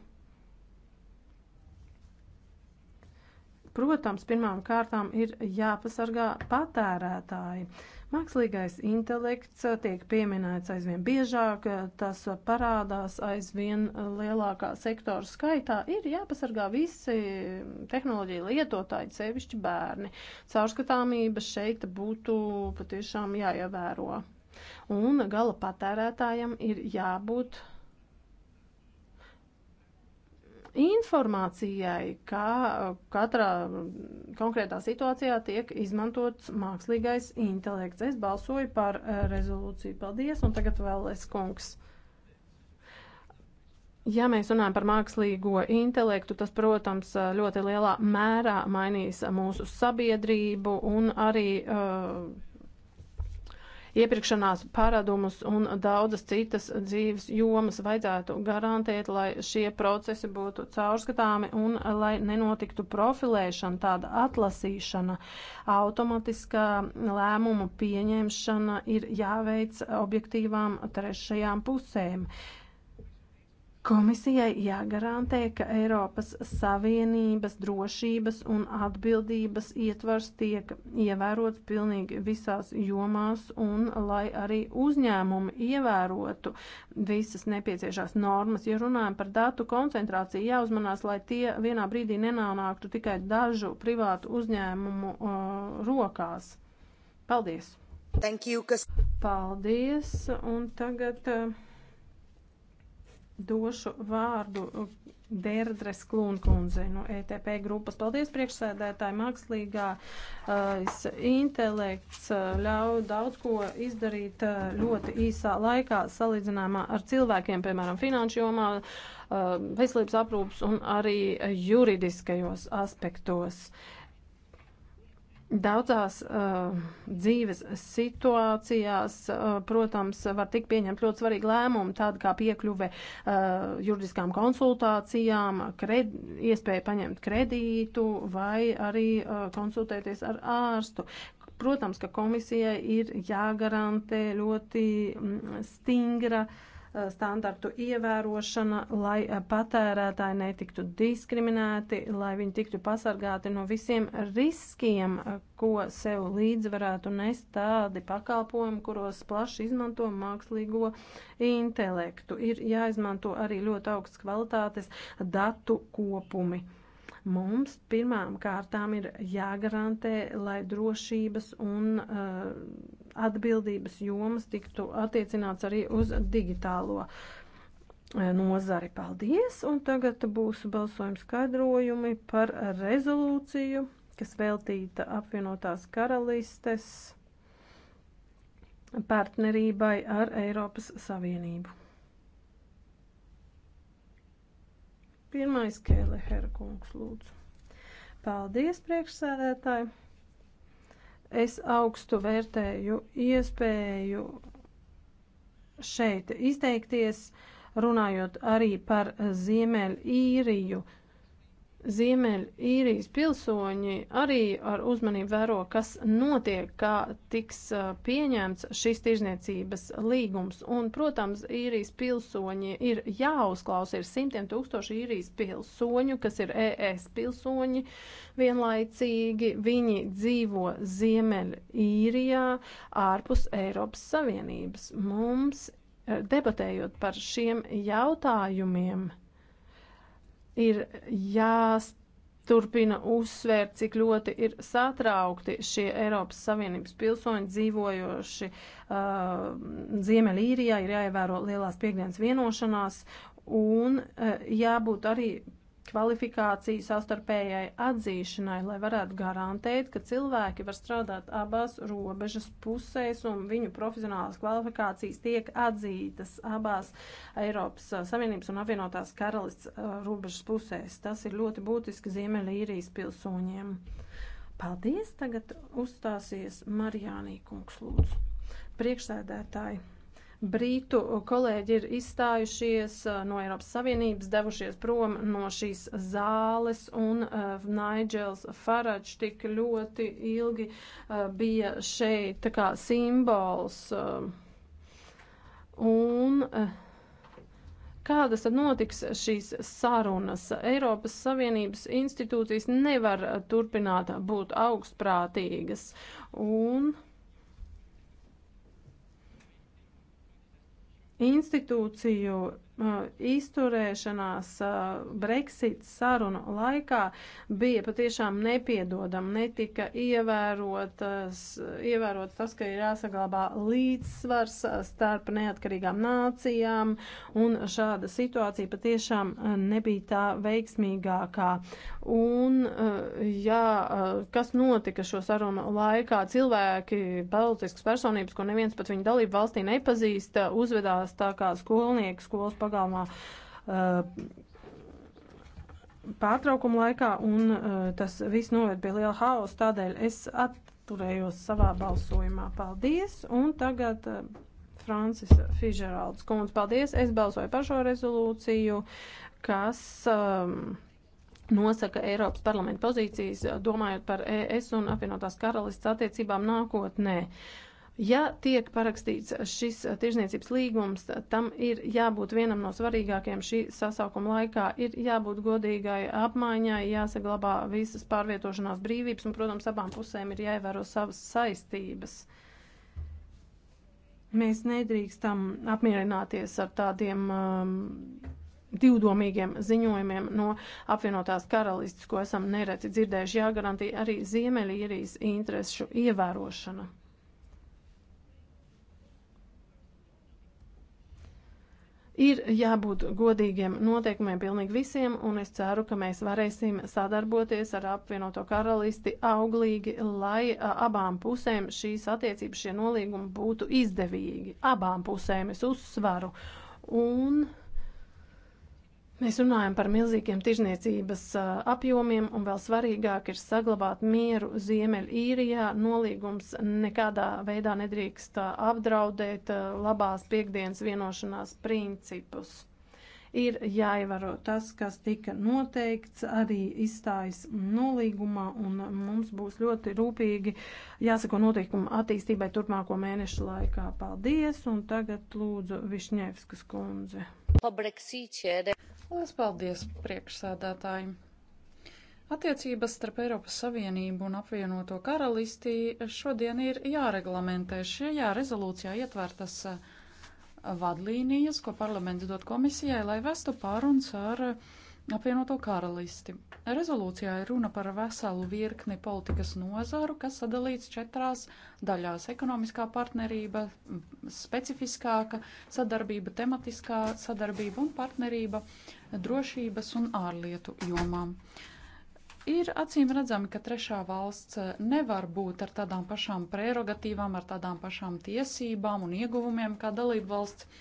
Protams, pirmām kārtām ir jāpasargā patērētāji. Mākslīgais intelekts tiek pieminēts aizvien biežāk, tas parādās aizvien lielākā sektora skaitā. Ir jāpasargā visi tehnoloģija lietotāji, sevišķi bērni. Caurskatāmība šeit būtu patiešām jāievēro. Un gala patērētājam ir jābūt informācijai, kā uh, katrā mm, konkrētā situācijā tiek izmantots mākslīgais intelekts. Es balsoju par uh, rezolūciju. Paldies, un tagad vēl es kungs. Ja mēs runājam par mākslīgo intelektu, tas, protams, uh, ļoti lielā mērā mainīs mūsu sabiedrību un arī uh, iepirkšanās paradumus un daudzas citas dzīves jomas vajadzētu garantēt, lai šie procesi būtu caurskatāmi un lai nenotiktu profilēšana, tāda atlasīšana, automatiskā lēmumu pieņemšana ir jāveic objektīvām trešajām pusēm. Uh, Komisijai jāgarantē, ka Eiropas Savienības drošības un atbildības ietvars tiek ievērots pilnīgi visās jomās un lai arī uzņēmumi ievērotu visas nepieciešās normas. Ja runājam par datu koncentrāciju, jāuzmanās, lai tie vienā brīdī nenonāktu tikai dažu privātu uzņēmumu uh, rokās. Paldies! Thank you, kas... Paldies! Un tagad. Uh došu vārdu uh, Dērdres Klūnkundzei no ETP grupas. Paldies priekšsēdētāji, mākslīgā uh, intelekts uh, ļauj daudz ko izdarīt uh, ļoti īsā laikā salīdzināmā ar cilvēkiem, piemēram, finanšu jomā, uh, veselības aprūps un arī juridiskajos aspektos. Uh, Daudzās uh, dzīves situācijās, uh, protams, var tikt pieņemt ļoti svarīgi lēmumi, tādi kā piekļuve uh, juridiskām konsultācijām, kred, iespēja paņemt kredītu vai arī uh, konsultēties ar ārstu. Protams, ka komisijai ir jāgarantē ļoti mm, stingra uh, Eh, standartu ievērošana, lai eh, patērētāji netiktu diskriminēti, lai viņi tiktu pasargāti no visiem riskiem, eh, ko sev līdzi varētu nest tādi pakalpojumi, kuros plaši izmanto mākslīgo intelektu. Ir jāizmanto arī ļoti augsts kvalitātes datu kopumi. Mums pirmām kārtām ir jāgarantē, lai drošības un uh, atbildības jomas tiktu attiecināts arī uz digitālo eh, nozari. Paldies! Un tagad būs balsojuma skaidrojumi par rezolūciju, kas veltīta apvienotās karalistes partnerībai ar Eiropas Savienību. Pirmais Kēle Herkungs lūdzu. Paldies priekšsēdētāji! Es augstu vērtēju iespēju šeit izteikties, runājot arī par Ziemeļīriju. īriju Ziemeļīrijas pilsoņi arī ar uzmanību vēro, kas notiek, kā tiks pieņemts šis tirzniecības līgums. Un, protams, īrijas pilsoņi ir jāuzklausa, ir simtiem tūkstoši īrijas pilsoņu, kas ir ES pilsoņi vienlaicīgi. Viņi dzīvo Ziemeļīrijā ārpus Eiropas Savienības. Mums, debatējot par šiem jautājumiem, ir jāstāv turpina uzsvērt, cik ļoti ir satraukti šie Eiropas Savienības pilsoņi dzīvojoši uh, Ziemeļīrijā, ir jāievēro lielās piekdienas vienošanās un uh, jābūt arī kvalifikāciju savstarpējai atzīšanai, lai varētu garantēt, ka cilvēki var strādāt abās robežas pusēs un viņu profesionālās kvalifikācijas tiek atzītas abās Eiropas Savienības un apvienotās karalists robežas pusēs. Tas ir ļoti būtiski Ziemeļīrijas pilsoņiem. Paldies! Tagad uzstāsies Marijānī kungs lūdzu. Priekšsēdētāji! Brītu kolēģi ir izstājušies eh, no Eiropas Savienības, devušies prom no šīs zāles, un uh, eh, Naidžels Faraģs tik ļoti ilgi uh, bija šeit tā kā simbols. Uh, un, uh, Kādas tad notiks šīs sarunas? Eiropas Savienības institūcijas nevar turpināt būt augstprātīgas. Un, uh, institūciju Uh, izturēšanās uh, Brexit sarunu laikā bija patiešām nepiedodama, netika ievērotas, uh, ievērotas tas, ka ir jāsaglabā līdzsvars starp neatkarīgām nācijām, un šāda situācija patiešām nebija tā veiksmīgākā. Un, jā, kas notika šo sarunu laikā? Cilvēki, politiskas personības, ko neviens pat viņu dalību valstī nepazīst, uzvedās tā kā skolnieki skolas pagalmā eh, pārtraukuma laikā, un eh, tas viss noved pie liela hausa, tādēļ es atturējos savā balsojumā. Paldies, un tagad eh, Francis Fižeralds kundze, paldies, es balsoju par šo rezolūciju, kas. Um, nosaka Eiropas parlamenta pozīcijas, domājot par ES un apvienotās karalists attiecībām nākotnē. Uh, Ja tiek parakstīts šis tirzniecības līgums, tam ir jābūt vienam no svarīgākajiem šī sasaukuma laikā. Ir jābūt godīgai apmaiņai, jāsaglabā visas pārvietošanās brīvības, un, protams, abām pusēm ir jāievēro savas saistības. Mēs nedrīkstam apmierināties ar tādiem um, divdomīgiem ziņojumiem no apvienotās karalistes, ko esam nereti dzirdējuši. Jāgarantī arī Ziemeļīrijas interesu ievērošana. Ir jābūt godīgiem noteikumiem pilnīgi visiem, un es ceru, ka mēs varēsim sadarboties ar apvienoto karalisti auglīgi, lai abām pusēm šīs attiecības, šie nolīgumi būtu izdevīgi. Abām pusēm es uzsvaru. Un Mēs runājam par milzīgiem tirzniecības apjomiem, un vēl svarīgāk ir saglabāt mieru Ziemeļīrijā. Nolīgums nekādā veidā nedrīkst apdraudēt labās piekdienas vienošanās principus. Ir jāievaro tas, kas tika noteikts arī izstājas nolīgumā, un mums būs ļoti rūpīgi jāsako noteikumu attīstībai turpmāko mēnešu laikā. Paldies, un tagad lūdzu Višņevskas kundze. Lielas paldies priekšsēdētājiem! Attiecības starp Eiropas Savienību un apvienoto karalistī šodien ir jāreglamentē. Šajā rezolūcijā ietvērtas eh, vadlīnijas, ko parlaments dod komisijai, lai vestu pārunas ar uh, apvienoto karalisti. Rezolūcijā ir runa par veselu virkni politikas nozaru, kas sadalīts četrās daļās - ekonomiskā partnerība, specifiskāka sadarbība, tematiskā sadarbība un partnerība drošības un ārlietu jomām. Ir acīm redzami, ka trešā valsts nevar būt ar tādām pašām prerogatīvām, ar tādām pašām tiesībām un ieguvumiem kā dalība valsts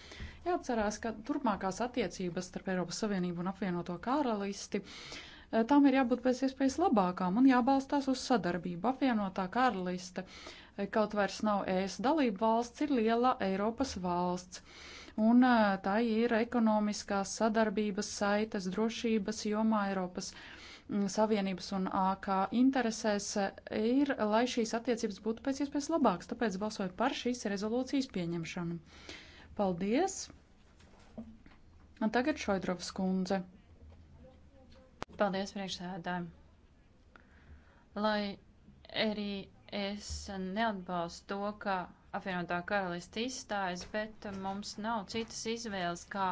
Jāatcerās, ka turpmākās attiecības starp Eiropas Savienību un apvienoto karalisti eh, tām ir jābūt pēc iespējas labākām un jābalstās uz sadarbību. Apvienotā karaliste eh, kaut vairs nav ES dalība valsts, ir liela Eiropas valsts un eh, tā ir ekonomiskās sadarbības saites drošības jomā Eiropas mm, Savienības un AK interesēs ir, lai šīs attiecības būtu pēc iespējas labākas, tāpēc balsoju par šīs rezolūcijas pieņemšanu. Paldies! Un tagad Šoidrovs kundze. Paldies priekšsēdājiem. Lai arī es neatbalstu to, ka apvienotā karalista izstājas, bet mums nav citas izvēles, kā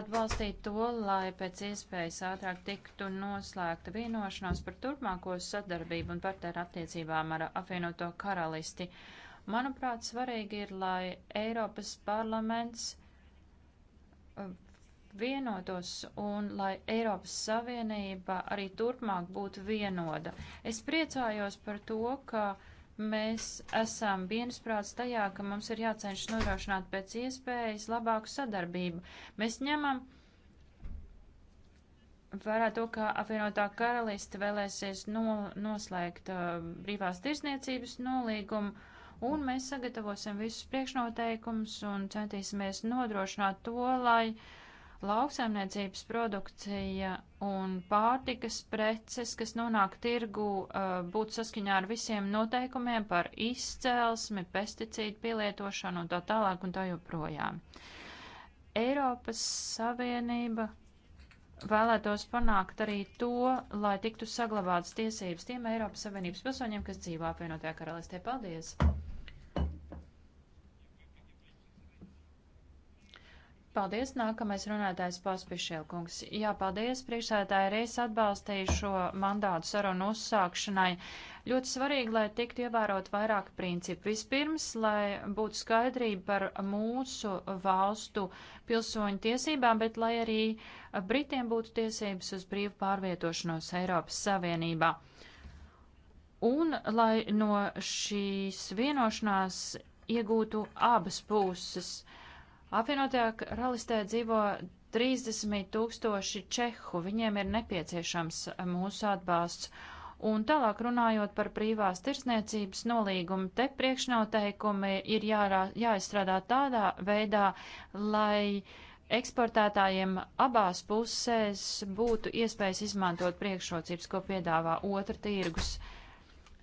atbalstīt to, lai pēc iespējas ātrāk tiktu noslēgta vienošanās par turpmāko sadarbību un partneru attiecībām ar apvienoto karalisti. Uh, Manuprāt, svarīgi ir, lai Eiropas parlaments uh, vienotos un lai Eiropas Savienība arī turpmāk būtu vienoda. Es priecājos par to, ka mēs esam viensprāts tajā, ka mums ir jācenšas nodrošināt pēc iespējas labāku sadarbību. Mēs ņemam vērā to, ka apvienotā karaliste vēlēsies no, noslēgt uh, brīvās tirsniecības nolīgumu un mēs sagatavosim visus priekšnoteikumus un centīsimies nodrošināt to, lai lauksaimniecības produkcija un pārtikas preces, kas nonāk tirgu, uh, būtu saskaņā ar visiem noteikumiem par izcēlesmi, pesticīdu pielietošanu un tā tālāk un tā joprojām. Eiropas Savienība vēlētos panākt arī to, lai tiktu saglabātas tiesības tiem Eiropas Savienības pilsoņiem, kas dzīvo apvienotajā karalistē. Paldies! Paldies, nākamais runātājs Paspišielkungs. Jā, paldies, priekšsētāji, reiz atbalstīju šo mandātu sarunu uzsākšanai. Ļoti svarīgi, lai tiktu ievērot vairāk principu. Vispirms, lai būtu skaidrība par mūsu valstu pilsoņu tiesībām, bet lai arī Britiem būtu tiesības uz brīvu pārvietošanos Eiropas Savienībā. Un lai no šīs vienošanās iegūtu abas puses. Uh, Apvienotajā karalistē dzīvo 30 tūkstoši čehu, viņiem ir nepieciešams mūsu atbalsts. Un tālāk runājot par privās tirsniecības nolīgumu, te priekšnoteikumi ir jārā, jāizstrādā tādā veidā, lai eksportētājiem abās pusēs būtu iespējas izmantot priekšrocības, ko piedāvā otra tirgus. Uh,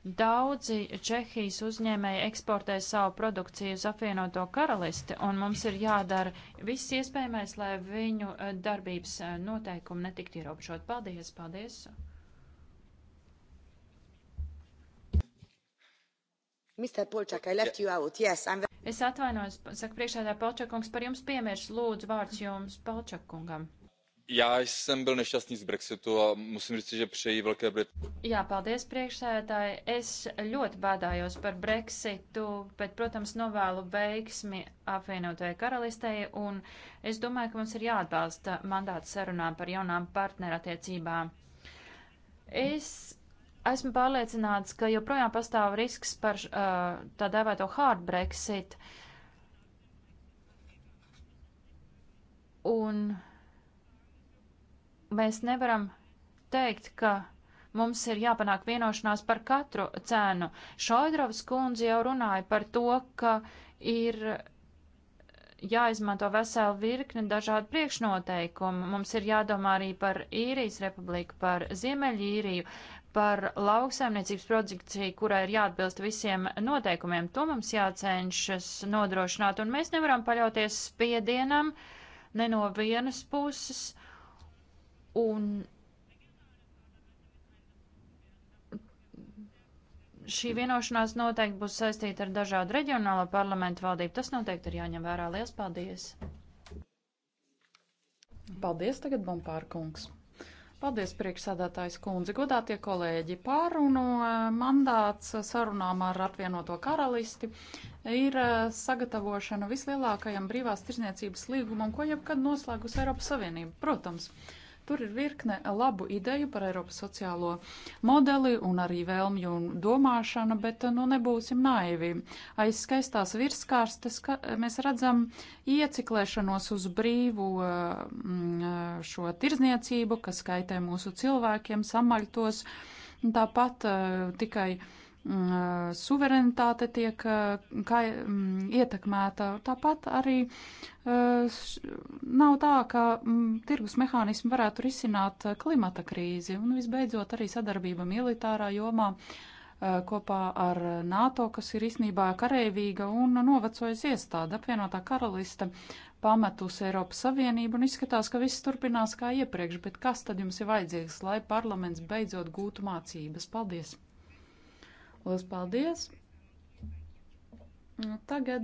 Daudzi Čehijas uzņēmēji eksportē savu produkciju uz apvienoto karalisti, un mums ir jādara viss iespējamais, lai viņu eh, darbības eh, noteikumi netiktu ierobežot. Paldies, paldies! Polčak, yes, es atvainojos, saka priekšādā Polčakungs, par jums piemērs lūdzu vārds jums Polčakungam já jsem byl nešťastný z brexitu a musím říci, že přeji Velké Británii. Jā, paldies priekšsēdētāji. Es ļoti bādājos par breksitu, bet, protams, novēlu veiksmi apvienotajai karalistei un es domāju, ka mums ir jāatbalsta mandāts sarunām par jaunām partnerattiecībām. Es esmu pārliecināts, ka joprojām pastāv risks par uh, tā dēvēto hard brexit. Un mēs nevaram teikt, ka mums ir jāpanāk vienošanās par katru cēnu. Šoidrovs kundze jau runāja par to, ka ir jāizmanto vesela virkne dažādu priekšnoteikumu. Mums ir jādomā arī par īrijas republiku, par Ziemeļīriju, par lauksaimniecības produkciju, kurai ir jāatbilst visiem noteikumiem. To mums jācenšas nodrošināt, un mēs nevaram paļauties spiedienam ne no vienas puses, uh, Un šī vienošanās noteikti būs saistīta ar dažādu reģionālo parlamentu valdību. Tas noteikti ir jāņem vērā. Lielas paldies! Paldies tagad, Bompārkungs! Paldies, priekšsādātājs kundze, godātie kolēģi. Pārunu eh, mandāts sarunām ar apvienoto karalisti ir eh, sagatavošana vislielākajam brīvās tirzniecības līgumam, ko jebkad noslēgus Eiropas Savienība. Protams, uh, Tur ir virkne labu ideju par Eiropas sociālo modeli un arī vēlmju un domāšanu, bet nu nebūsim naivi. Aiz skaistās virskārstes ka, mēs redzam ieciklēšanos uz brīvu mm, šo tirzniecību, kas kaitē mūsu cilvēkiem, samaļtos. Tāpat eh, tikai Mm, eh, suverenitāte tiek eh, kā, mm, ietekmēta. Tāpat arī eh, nav tā, ka mm, tirgus mehānismi varētu risināt klimata krīzi un visbeidzot arī sadarbība militārā jomā kopā ar NATO, kas ir īstenībā kareivīga un novecojas iestāde. Apvienotā karalista pametusi Eiropas Savienību un izskatās, ka viss turpinās kā iepriekš, bet kas tad jums ir vajadzīgs, lai parlaments beidzot gūtu mācības? Paldies! Lielas paldies! Nu, tagad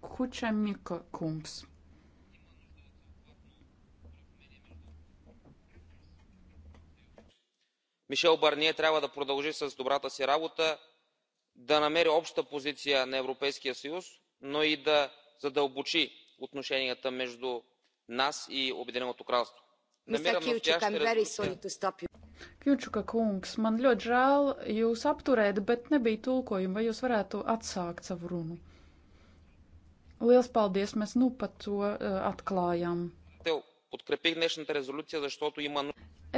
Kučemika kungs. Мишел Барние трябва да продължи с добрата си работа, да намери обща позиция на Европейския съюз, но и да задълбочи отношенията между нас и Обединеното кралство. Намирам настоящата резолюция Kjučuka kungs, man ļoti žēl jūs apturēt, bet nebija tulkojuma, vai jūs varētu atsākt savu runu. Liels paldies, mēs nu pat to uh, atklājām. Tev подкрепих днешната резолюция, защото има...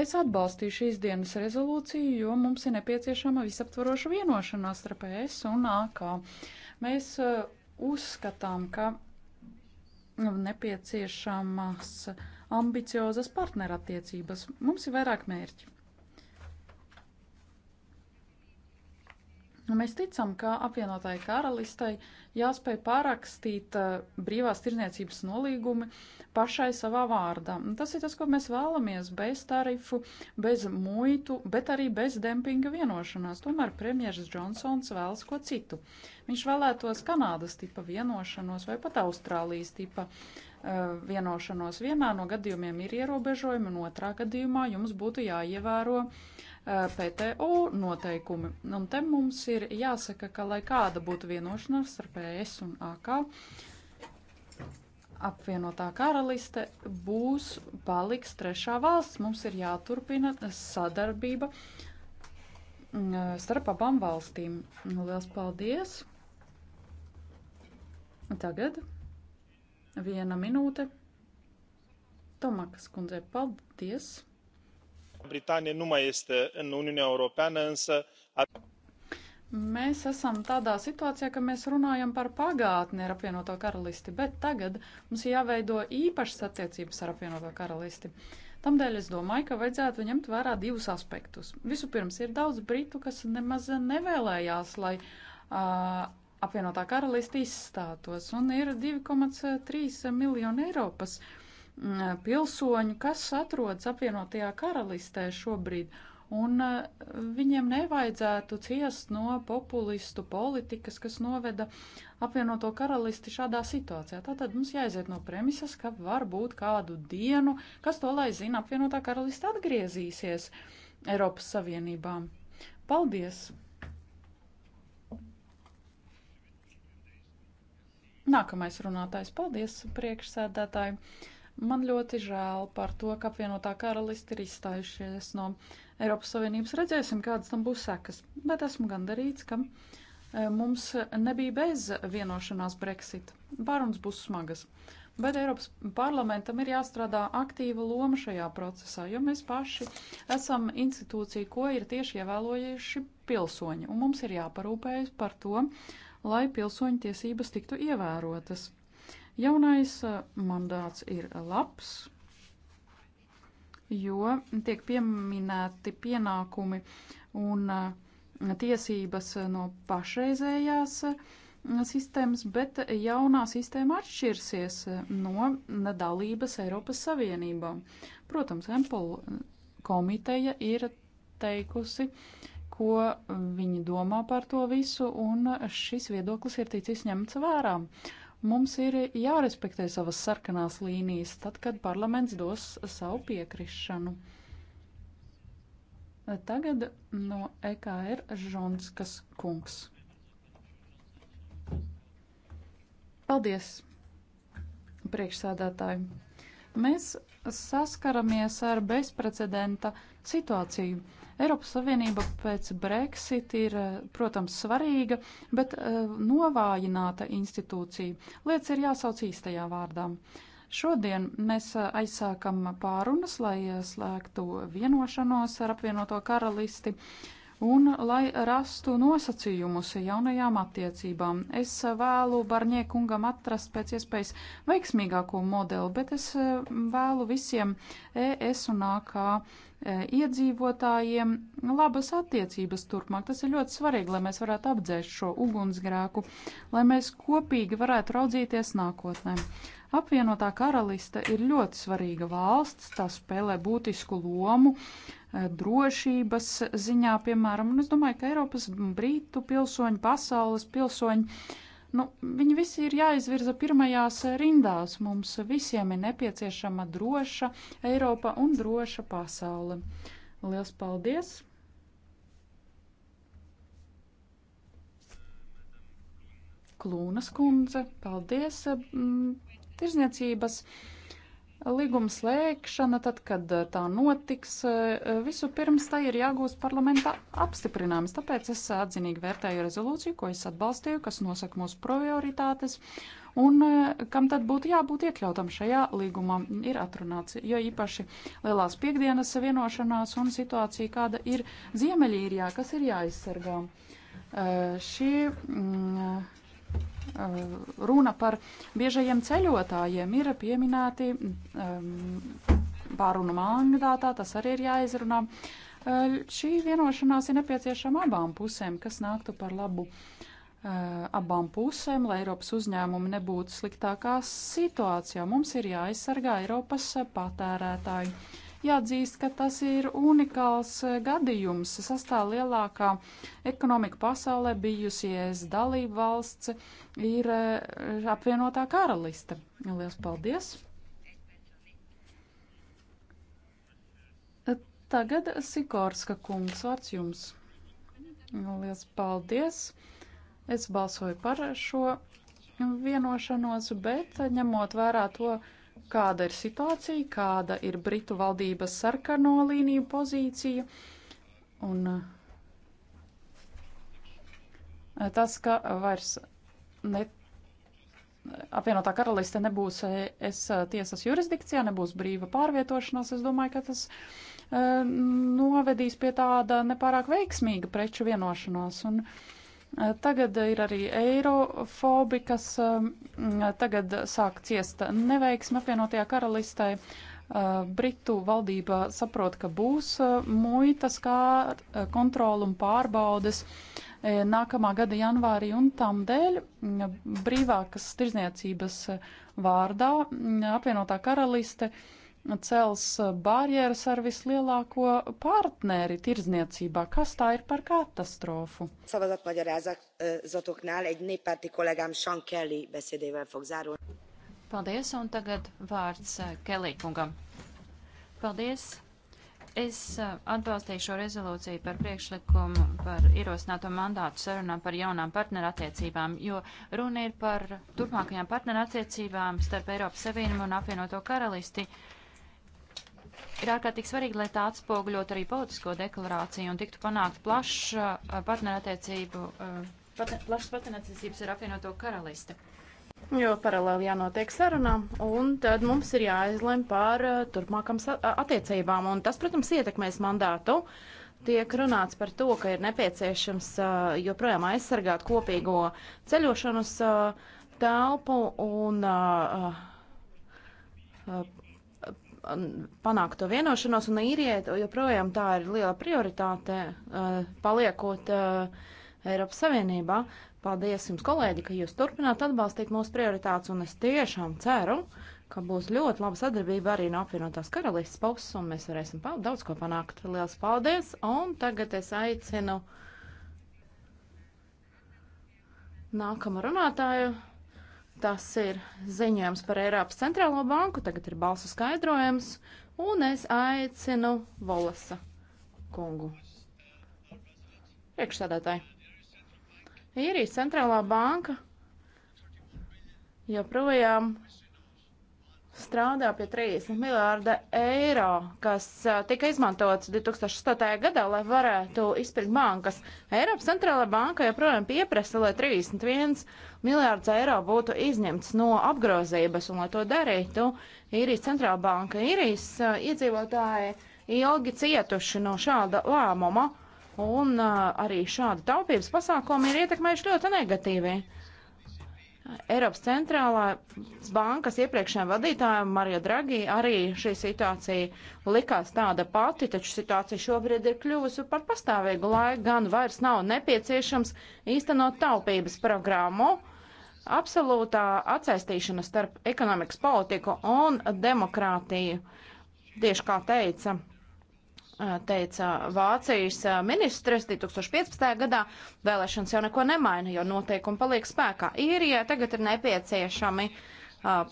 Es atbalstīju šīs dienas rezolūciju, jo mums ir nepieciešama visaptvaroša vienošanās starp ES un AK. Mēs eh, uzskatām, ka nepieciešamas ambiciozas partnerattiecības. Mums ir vairāk mērķi. Mēs ticam, ka apvienotāji karalistai jāspēj pārakstīt eh, brīvās tirniecības nolīgumi pašai savā vārdā. Tas ir tas, ko mēs vēlamies - bez tarifu, bez muitu, bet arī bez dempinga vienošanās. Tomēr premjeras Džonsons vēlas ko citu. Viņš vēlētos Kanādas tipa vienošanos vai pat Austrālijas tipa uh, vienošanos. Vienā no gadījumiem ir ierobežojumi, un otrā gadījumā jums būtu jāievēro uh, PTO noteikumi. Un te mums ir jāsaka, ka lai kāda būtu vienošanās ar PS un AK, apvienotā karaliste būs paliks trešā valsts. Mums ir jāturpina sadarbība starp abām valstīm. Nu, Lielas paldies! Tagad viena minūte. Tomakas kundzei paldies! Britānija nu mai este în Uniunea Europeană, însă Mēs esam tādā situācijā, ka mēs runājam par pagātni ar apvienoto karalisti, bet tagad mums jāveido īpašas attiecības ar apvienoto karalisti. Tamdēļ es domāju, ka vajadzētu ņemt vērā divus aspektus. Vispirms, ir daudz britu, kas nemaz nevēlējās, lai uh, apvienotā karaliste izstātos, un ir 2,3 miljoni Eiropas uh, Mm, pilsoņu, kas atrodas apvienotajā karalistē šobrīd, un eh, viņiem nevajadzētu ciest no populistu politikas, kas noveda apvienoto karalisti šādā situācijā. Tātad mums jāiziet no premises, ka var būt kādu dienu, kas to lai zina, apvienotā karalista atgriezīsies Eiropas Savienībā. Paldies! Nākamais runātājs, paldies priekšsēdētāji! Man ļoti žēl par to, ka apvienotā karaliste ir izstājušies no Eiropas Savienības. Redzēsim, kādas tam būs sekas. Bet esmu gandarīts, ka e, mums nebija bez vienošanās Brexit. Barunas būs smagas. Bet Eiropas parlamentam ir jāstrādā aktīva loma šajā procesā, jo mēs paši esam institūcija, ko ir tieši ievēlojuši pilsoņi, un mums ir jāparūpējas par to, lai pilsoņu tiesības tiktu ievērotas. Jaunais mandāts ir labs, jo tiek pieminēti pienākumi un tiesības no pašreizējās sistēmas, bet jaunā sistēma atšķirsies no dalības Eiropas Savienībā. Protams, Empel komiteja ir teikusi, ko viņi domā par to visu, un šis viedoklis ir ticis ņemts vērā. Uh, Mums ir jārespektē savas sarkanās līnijas, tad, kad parlaments dos savu piekrišanu. Tagad no EKR Žonskas kungs. Paldies, priekšsēdētāji. Mēs saskaramies ar bezprecedenta situāciju. Eiropas Savienība pēc Brexit ir, eh, protams, svarīga, bet eh, novājināta institūcija. Lietas ir jāsauc īstajā vārdā. Šodien mēs eh, aizsākam pārunas, lai slēgtu vienošanos ar apvienoto karalisti. Uh, un lai rastu nosacījumus jaunajām attiecībām. Es vēlu Barņiekungam atrast pēc iespējas veiksmīgāko modeli, bet es eh, vēlu visiem ES un AK eh, iedzīvotājiem labas attiecības turpmāk. Tas ir ļoti svarīgi, lai mēs varētu apdzēst šo ugunsgrēku, lai mēs kopīgi varētu raudzīties nākotnē. Apvienotā karaliste ir ļoti svarīga valsts, tā spēlē būtisku lomu uh, drošības ziņā, piemēram, un es domāju, ka Eiropas brītu pilsoņi, pasaules pilsoņi, nu, viņi visi ir jāizvirza pirmajās rindās. Mums visiem ir nepieciešama droša Eiropa un droša pasaule. Lielas paldies! Klūnas kundze, paldies! Mm, tirzniecības. Mm, Līguma slēgšana, tad, kad eh, tā notiks, eh, visu pirms tai ir jāgūst parlamentā apstiprinājums. Tāpēc es eh, atzinīgi vērtēju rezolūciju, ko es atbalstīju, kas nosaka mūsu prioritātes un kam tad būtu jābūt iekļautam šajā līgumā, ir atrunāts. Jo īpaši lielās piekdienas vienošanās un situācija, kāda ir Ziemeļīrijā, kas ir jāaizsargā. Šī mm, Eh, runa par biežajiem ceļotājiem ir pieminēti pārunu mandātā, tas arī ir jāizrunā. Eh, šī vienošanās ir nepieciešama abām pusēm, kas nāktu par labu eh, abām pusēm, lai Eiropas uzņēmumi nebūtu sliktākā situācijā. Mums ir jāaizsargā Eiropas patērētāji Jāatzīst, ka tas ir unikāls e, gadījums. Sastāv lielākā ekonomika pasaulē bijusies dalība valsts ir e, apvienotā karaliste. Lielas paldies! E, tagad Sikorska kungs, vārds jums. Lielas paldies! Es balsoju par šo vienošanos, bet ņemot vērā to, kāda ir situācija, kāda ir Britu valdības sarkano līniju pozīcija. Un eh, tas, ka vairs ne, apvienotā karaliste nebūs es tiesas jurisdikcijā, nebūs brīva pārvietošanās, es domāju, ka tas eh, novedīs pie tāda nepārāk veiksmīga preču vienošanās. Un, uh, Tagad ir arī eirofobi, kas um, tagad sāk ciest neveiksmi apvienotajā karalistē. Uh, Britu valdība saprot, ka būs uh, muitas kā uh, kontrola un pārbaudes nākamā gada janvārī, un tam dēļ brīvākas tirzniecības vārdā apvienotā karaliste uh, cels eh, barjeras ar vislielāko partneri tirdzniecībā. Kas tā ir par katastrofu? Eh, Paldies, un tagad vārds eh, Kelī kungam. Paldies. Es atbalstīju šo rezolūciju par priekšlikumu par ierosināto mandātu sarunām par jaunām partnerattiecībām, jo runa ir par turpmākajām partnerattiecībām starp Eiropas Savienību un apvienoto karalisti. Uh, Ir ārkārtīgi svarīgi, lai tā atspoguļot arī politisko deklarāciju un tiktu panākt plaša uh, partnerattiecību, uh, pat, plašas partnerattiecības ar apvienoto karalisti. Jo paralēli jānotiek sarunām, un tad mums ir jāizlem par uh, turpmākam attiecībām, un tas, protams, ietekmēs mandātu tiek runāts par to, ka ir nepieciešams uh, joprojām aizsargāt kopīgo ceļošanas uh, telpu un uh, panākto vienošanos, un īrijai joprojām tā ir liela prioritāte, eh, paliekot eh, Eiropas Savienībā. Paldies jums, kolēģi, ka jūs turpināt atbalstīt mūsu prioritātes, un es tiešām ceru, ka būs ļoti laba sadarbība arī no apvienotās karalistas puses, un mēs varēsim daudz ko panākt. Lielas paldies, un tagad es aicinu nākamu runātāju. Tas ir ziņojums par Eiropas centrālo banku, tagad ir balsu skaidrojums, un es aicinu Volasa kungu. Priekšsēdētāji. Īrijas centrālā banka joprojām strādā pie 30 miljārda eiro, kas tika izmantots 2008. gadā, lai varētu izpirkt bankas. Eiropas centrālā banka joprojām pieprasa, lai 31 miljārds eiro būtu izņemts no apgrozības, un lai to darītu, īrijas centrālā banka, īrijas iedzīvotāji ilgi cietuši no šāda lēmuma, un arī šāda taupības pasākumi ir ietekmējuši ļoti negatīvi. Eiropas centrālās bankas iepriekšējiem vadītājiem Marija Dragi arī šī situācija likās tāda pati, taču situācija šobrīd ir kļuvusi par pastāvīgu laiku, gan vairs nav nepieciešams īstenot taupības programmu. Absolūtā atsaistīšana starp ekonomikas politiku un demokrātiju, tieši kā teica teica Vācijas ministres 2015. gadā, vēlēšanas jau neko nemaina, jo noteikumi paliek spēkā. Īrijai ja tagad ir nepieciešami uh,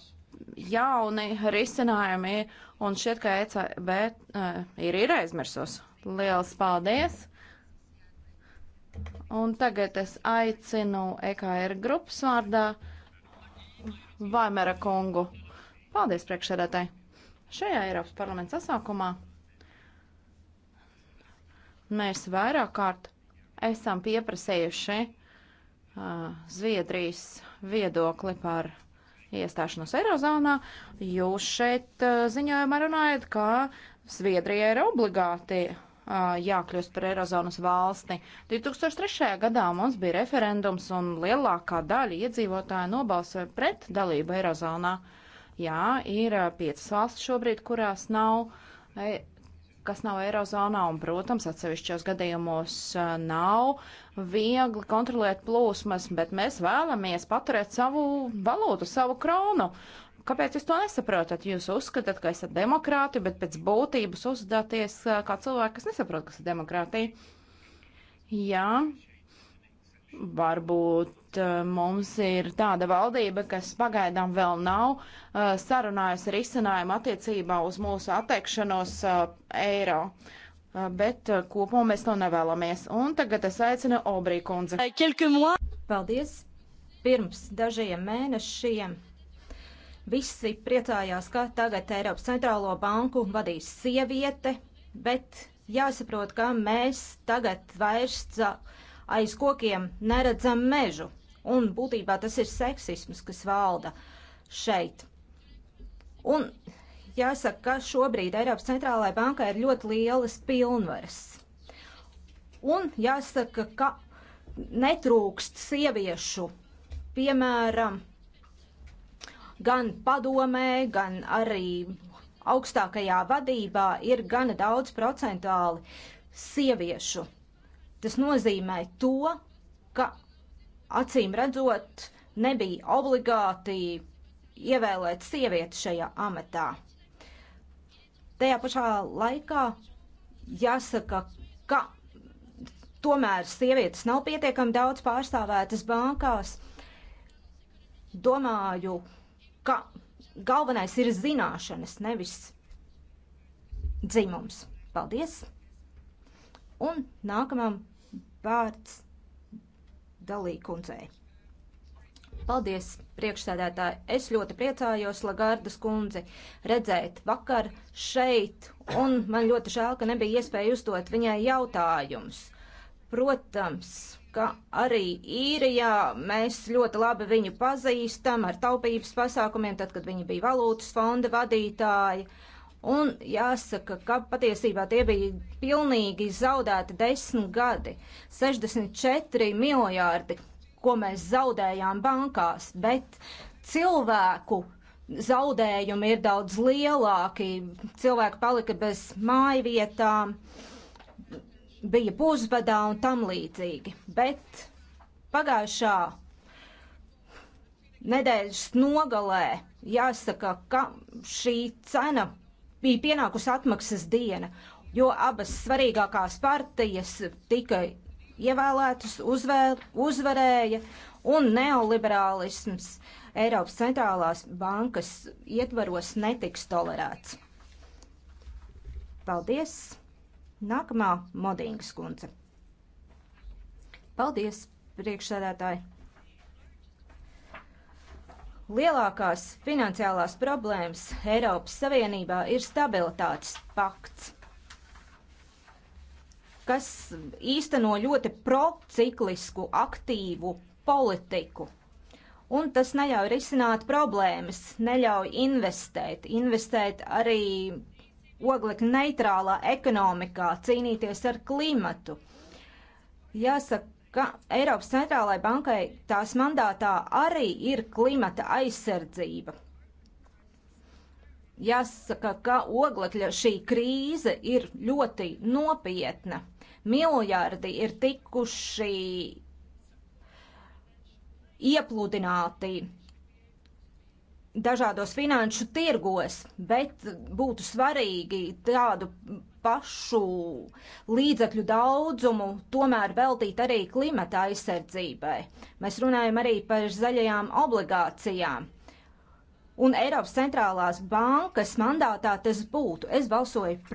jauni risinājumi, un šķiet, ka ECB uh, ir, ir aizmirsus. Liels paldies! Un tagad es aicinu EKR grupas vārdā Vaimera kungu. Paldies priekšsēdētāji! Šajā Eiropas parlamenta sasākumā Mēs vairāk kārt esam pieprasējuši uh, Zviedrijas viedokli par iestāšanos Eirozonā. Jūs šeit uh, ziņojumā runājat, ka Zviedrijai ir obligāti uh, jākļūst par Eirozonas valsti. 2003. gadā mums bija referendums un lielākā daļa iedzīvotāja nobalsoja pret dalību Eirozonā. Jā, ir piecas valsts šobrīd, kurās nav kas nav Eirozonā, un, protams, atsevišķos gadījumos eh, nav viegli kontrolēt plūsmas, bet mēs vēlamies paturēt savu valūtu, savu kronu. Kāpēc jūs to nesaprotat? Jūs uzskatāt, ka esat demokrāti, bet pēc būtības uzdāties eh, kā cilvēki, kas nesaprot, kas ir demokrātija. Jā, Varbūt eh, mums ir tāda valdība, kas pagaidām vēl nav eh, sarunājusi risinājumu attiecībā uz mūsu atteikšanos eh, eiro. Bet kopumā mēs to nevēlamies. Un tagad es aicinu Obrī kundze. Paldies! Pirms dažiem mēnešiem visi priecājās, ka tagad Eiropas centrālo banku vadīs sieviete, bet jāsaprot, ka mēs tagad vairs aiz kokiem neredzam mežu. Un būtībā tas ir seksisms, kas valda šeit. Un jāsaka, ka šobrīd Eiropas centrālajai bankai ir ļoti lielas pilnvaras. Un jāsaka, ka netrūkst sieviešu, piemēram, gan padomē, gan arī augstākajā vadībā ir gana daudz procentuāli sieviešu. Tas nozīmē to, ka acīm redzot, nebija obligāti ievēlēt sievieti šajā amatā. Tajā pašā laikā jāsaka, ka tomēr sievietes nav pietiekami daudz pārstāvētas bankās. Domāju, ka galvenais ir zināšanas, nevis dzimums. Paldies! Un nākamam vārds Dalī kundzei. Paldies, priekšsēdētāji. Es ļoti priecājos Lagardas kundzi redzēt vakar šeit, un man ļoti žēl, ka nebija iespēja uzdot viņai jautājumus. Protams, ka arī īrijā mēs ļoti labi viņu pazīstam ar taupības pasākumiem, tad, kad viņa bija valūtas fonda vadītāja. Uh, Un jāsaka, ka patiesībā tie bija pilnīgi zaudēti desmit gadi. 64 miljārdi, ko mēs zaudējām bankās, bet cilvēku zaudējumi ir daudz lielāki. Cilvēki palika bez mājvietām, bija pusbadā un tam līdzīgi. Bet pagājušā nedēļas nogalē jāsaka, ka šī cena bija pienākusi atmaksas diena, jo abas svarīgākās partijas tika ievēlētas, uzvēl, uzvarēja, un neoliberālisms Eiropas centrālās bankas ietvaros netiks tolerēts. Paldies! Nākamā Modīngas kundze. Paldies, priekšsēdētāji! Lielākās finansiālās problēmas Eiropas Savienībā ir stabilitātes pakts, kas īsteno ļoti prociklisku aktīvu politiku un tas neļauj risināt problēmas, neļauj investēt, investēt arī oglekļa neitrālā ekonomikā, cīnīties ar klimatu. Jāsaka, ka Eiropas centrālai bankai tās mandātā arī ir klimata aizsardzība. Jāsaka, ka oglekļa šī krīze ir ļoti nopietna. Miljardi ir tikuši iepludināti dažādos finanšu tirgos, bet būtu svarīgi tādu pašu līdzekļu daudzumu tomēr veltīt arī klimata aizsardzībai. Mēs runājam arī par zaļajām obligācijām. Un Eiropas centrālās bankas mandātā tas būtu. Es balsoju pret.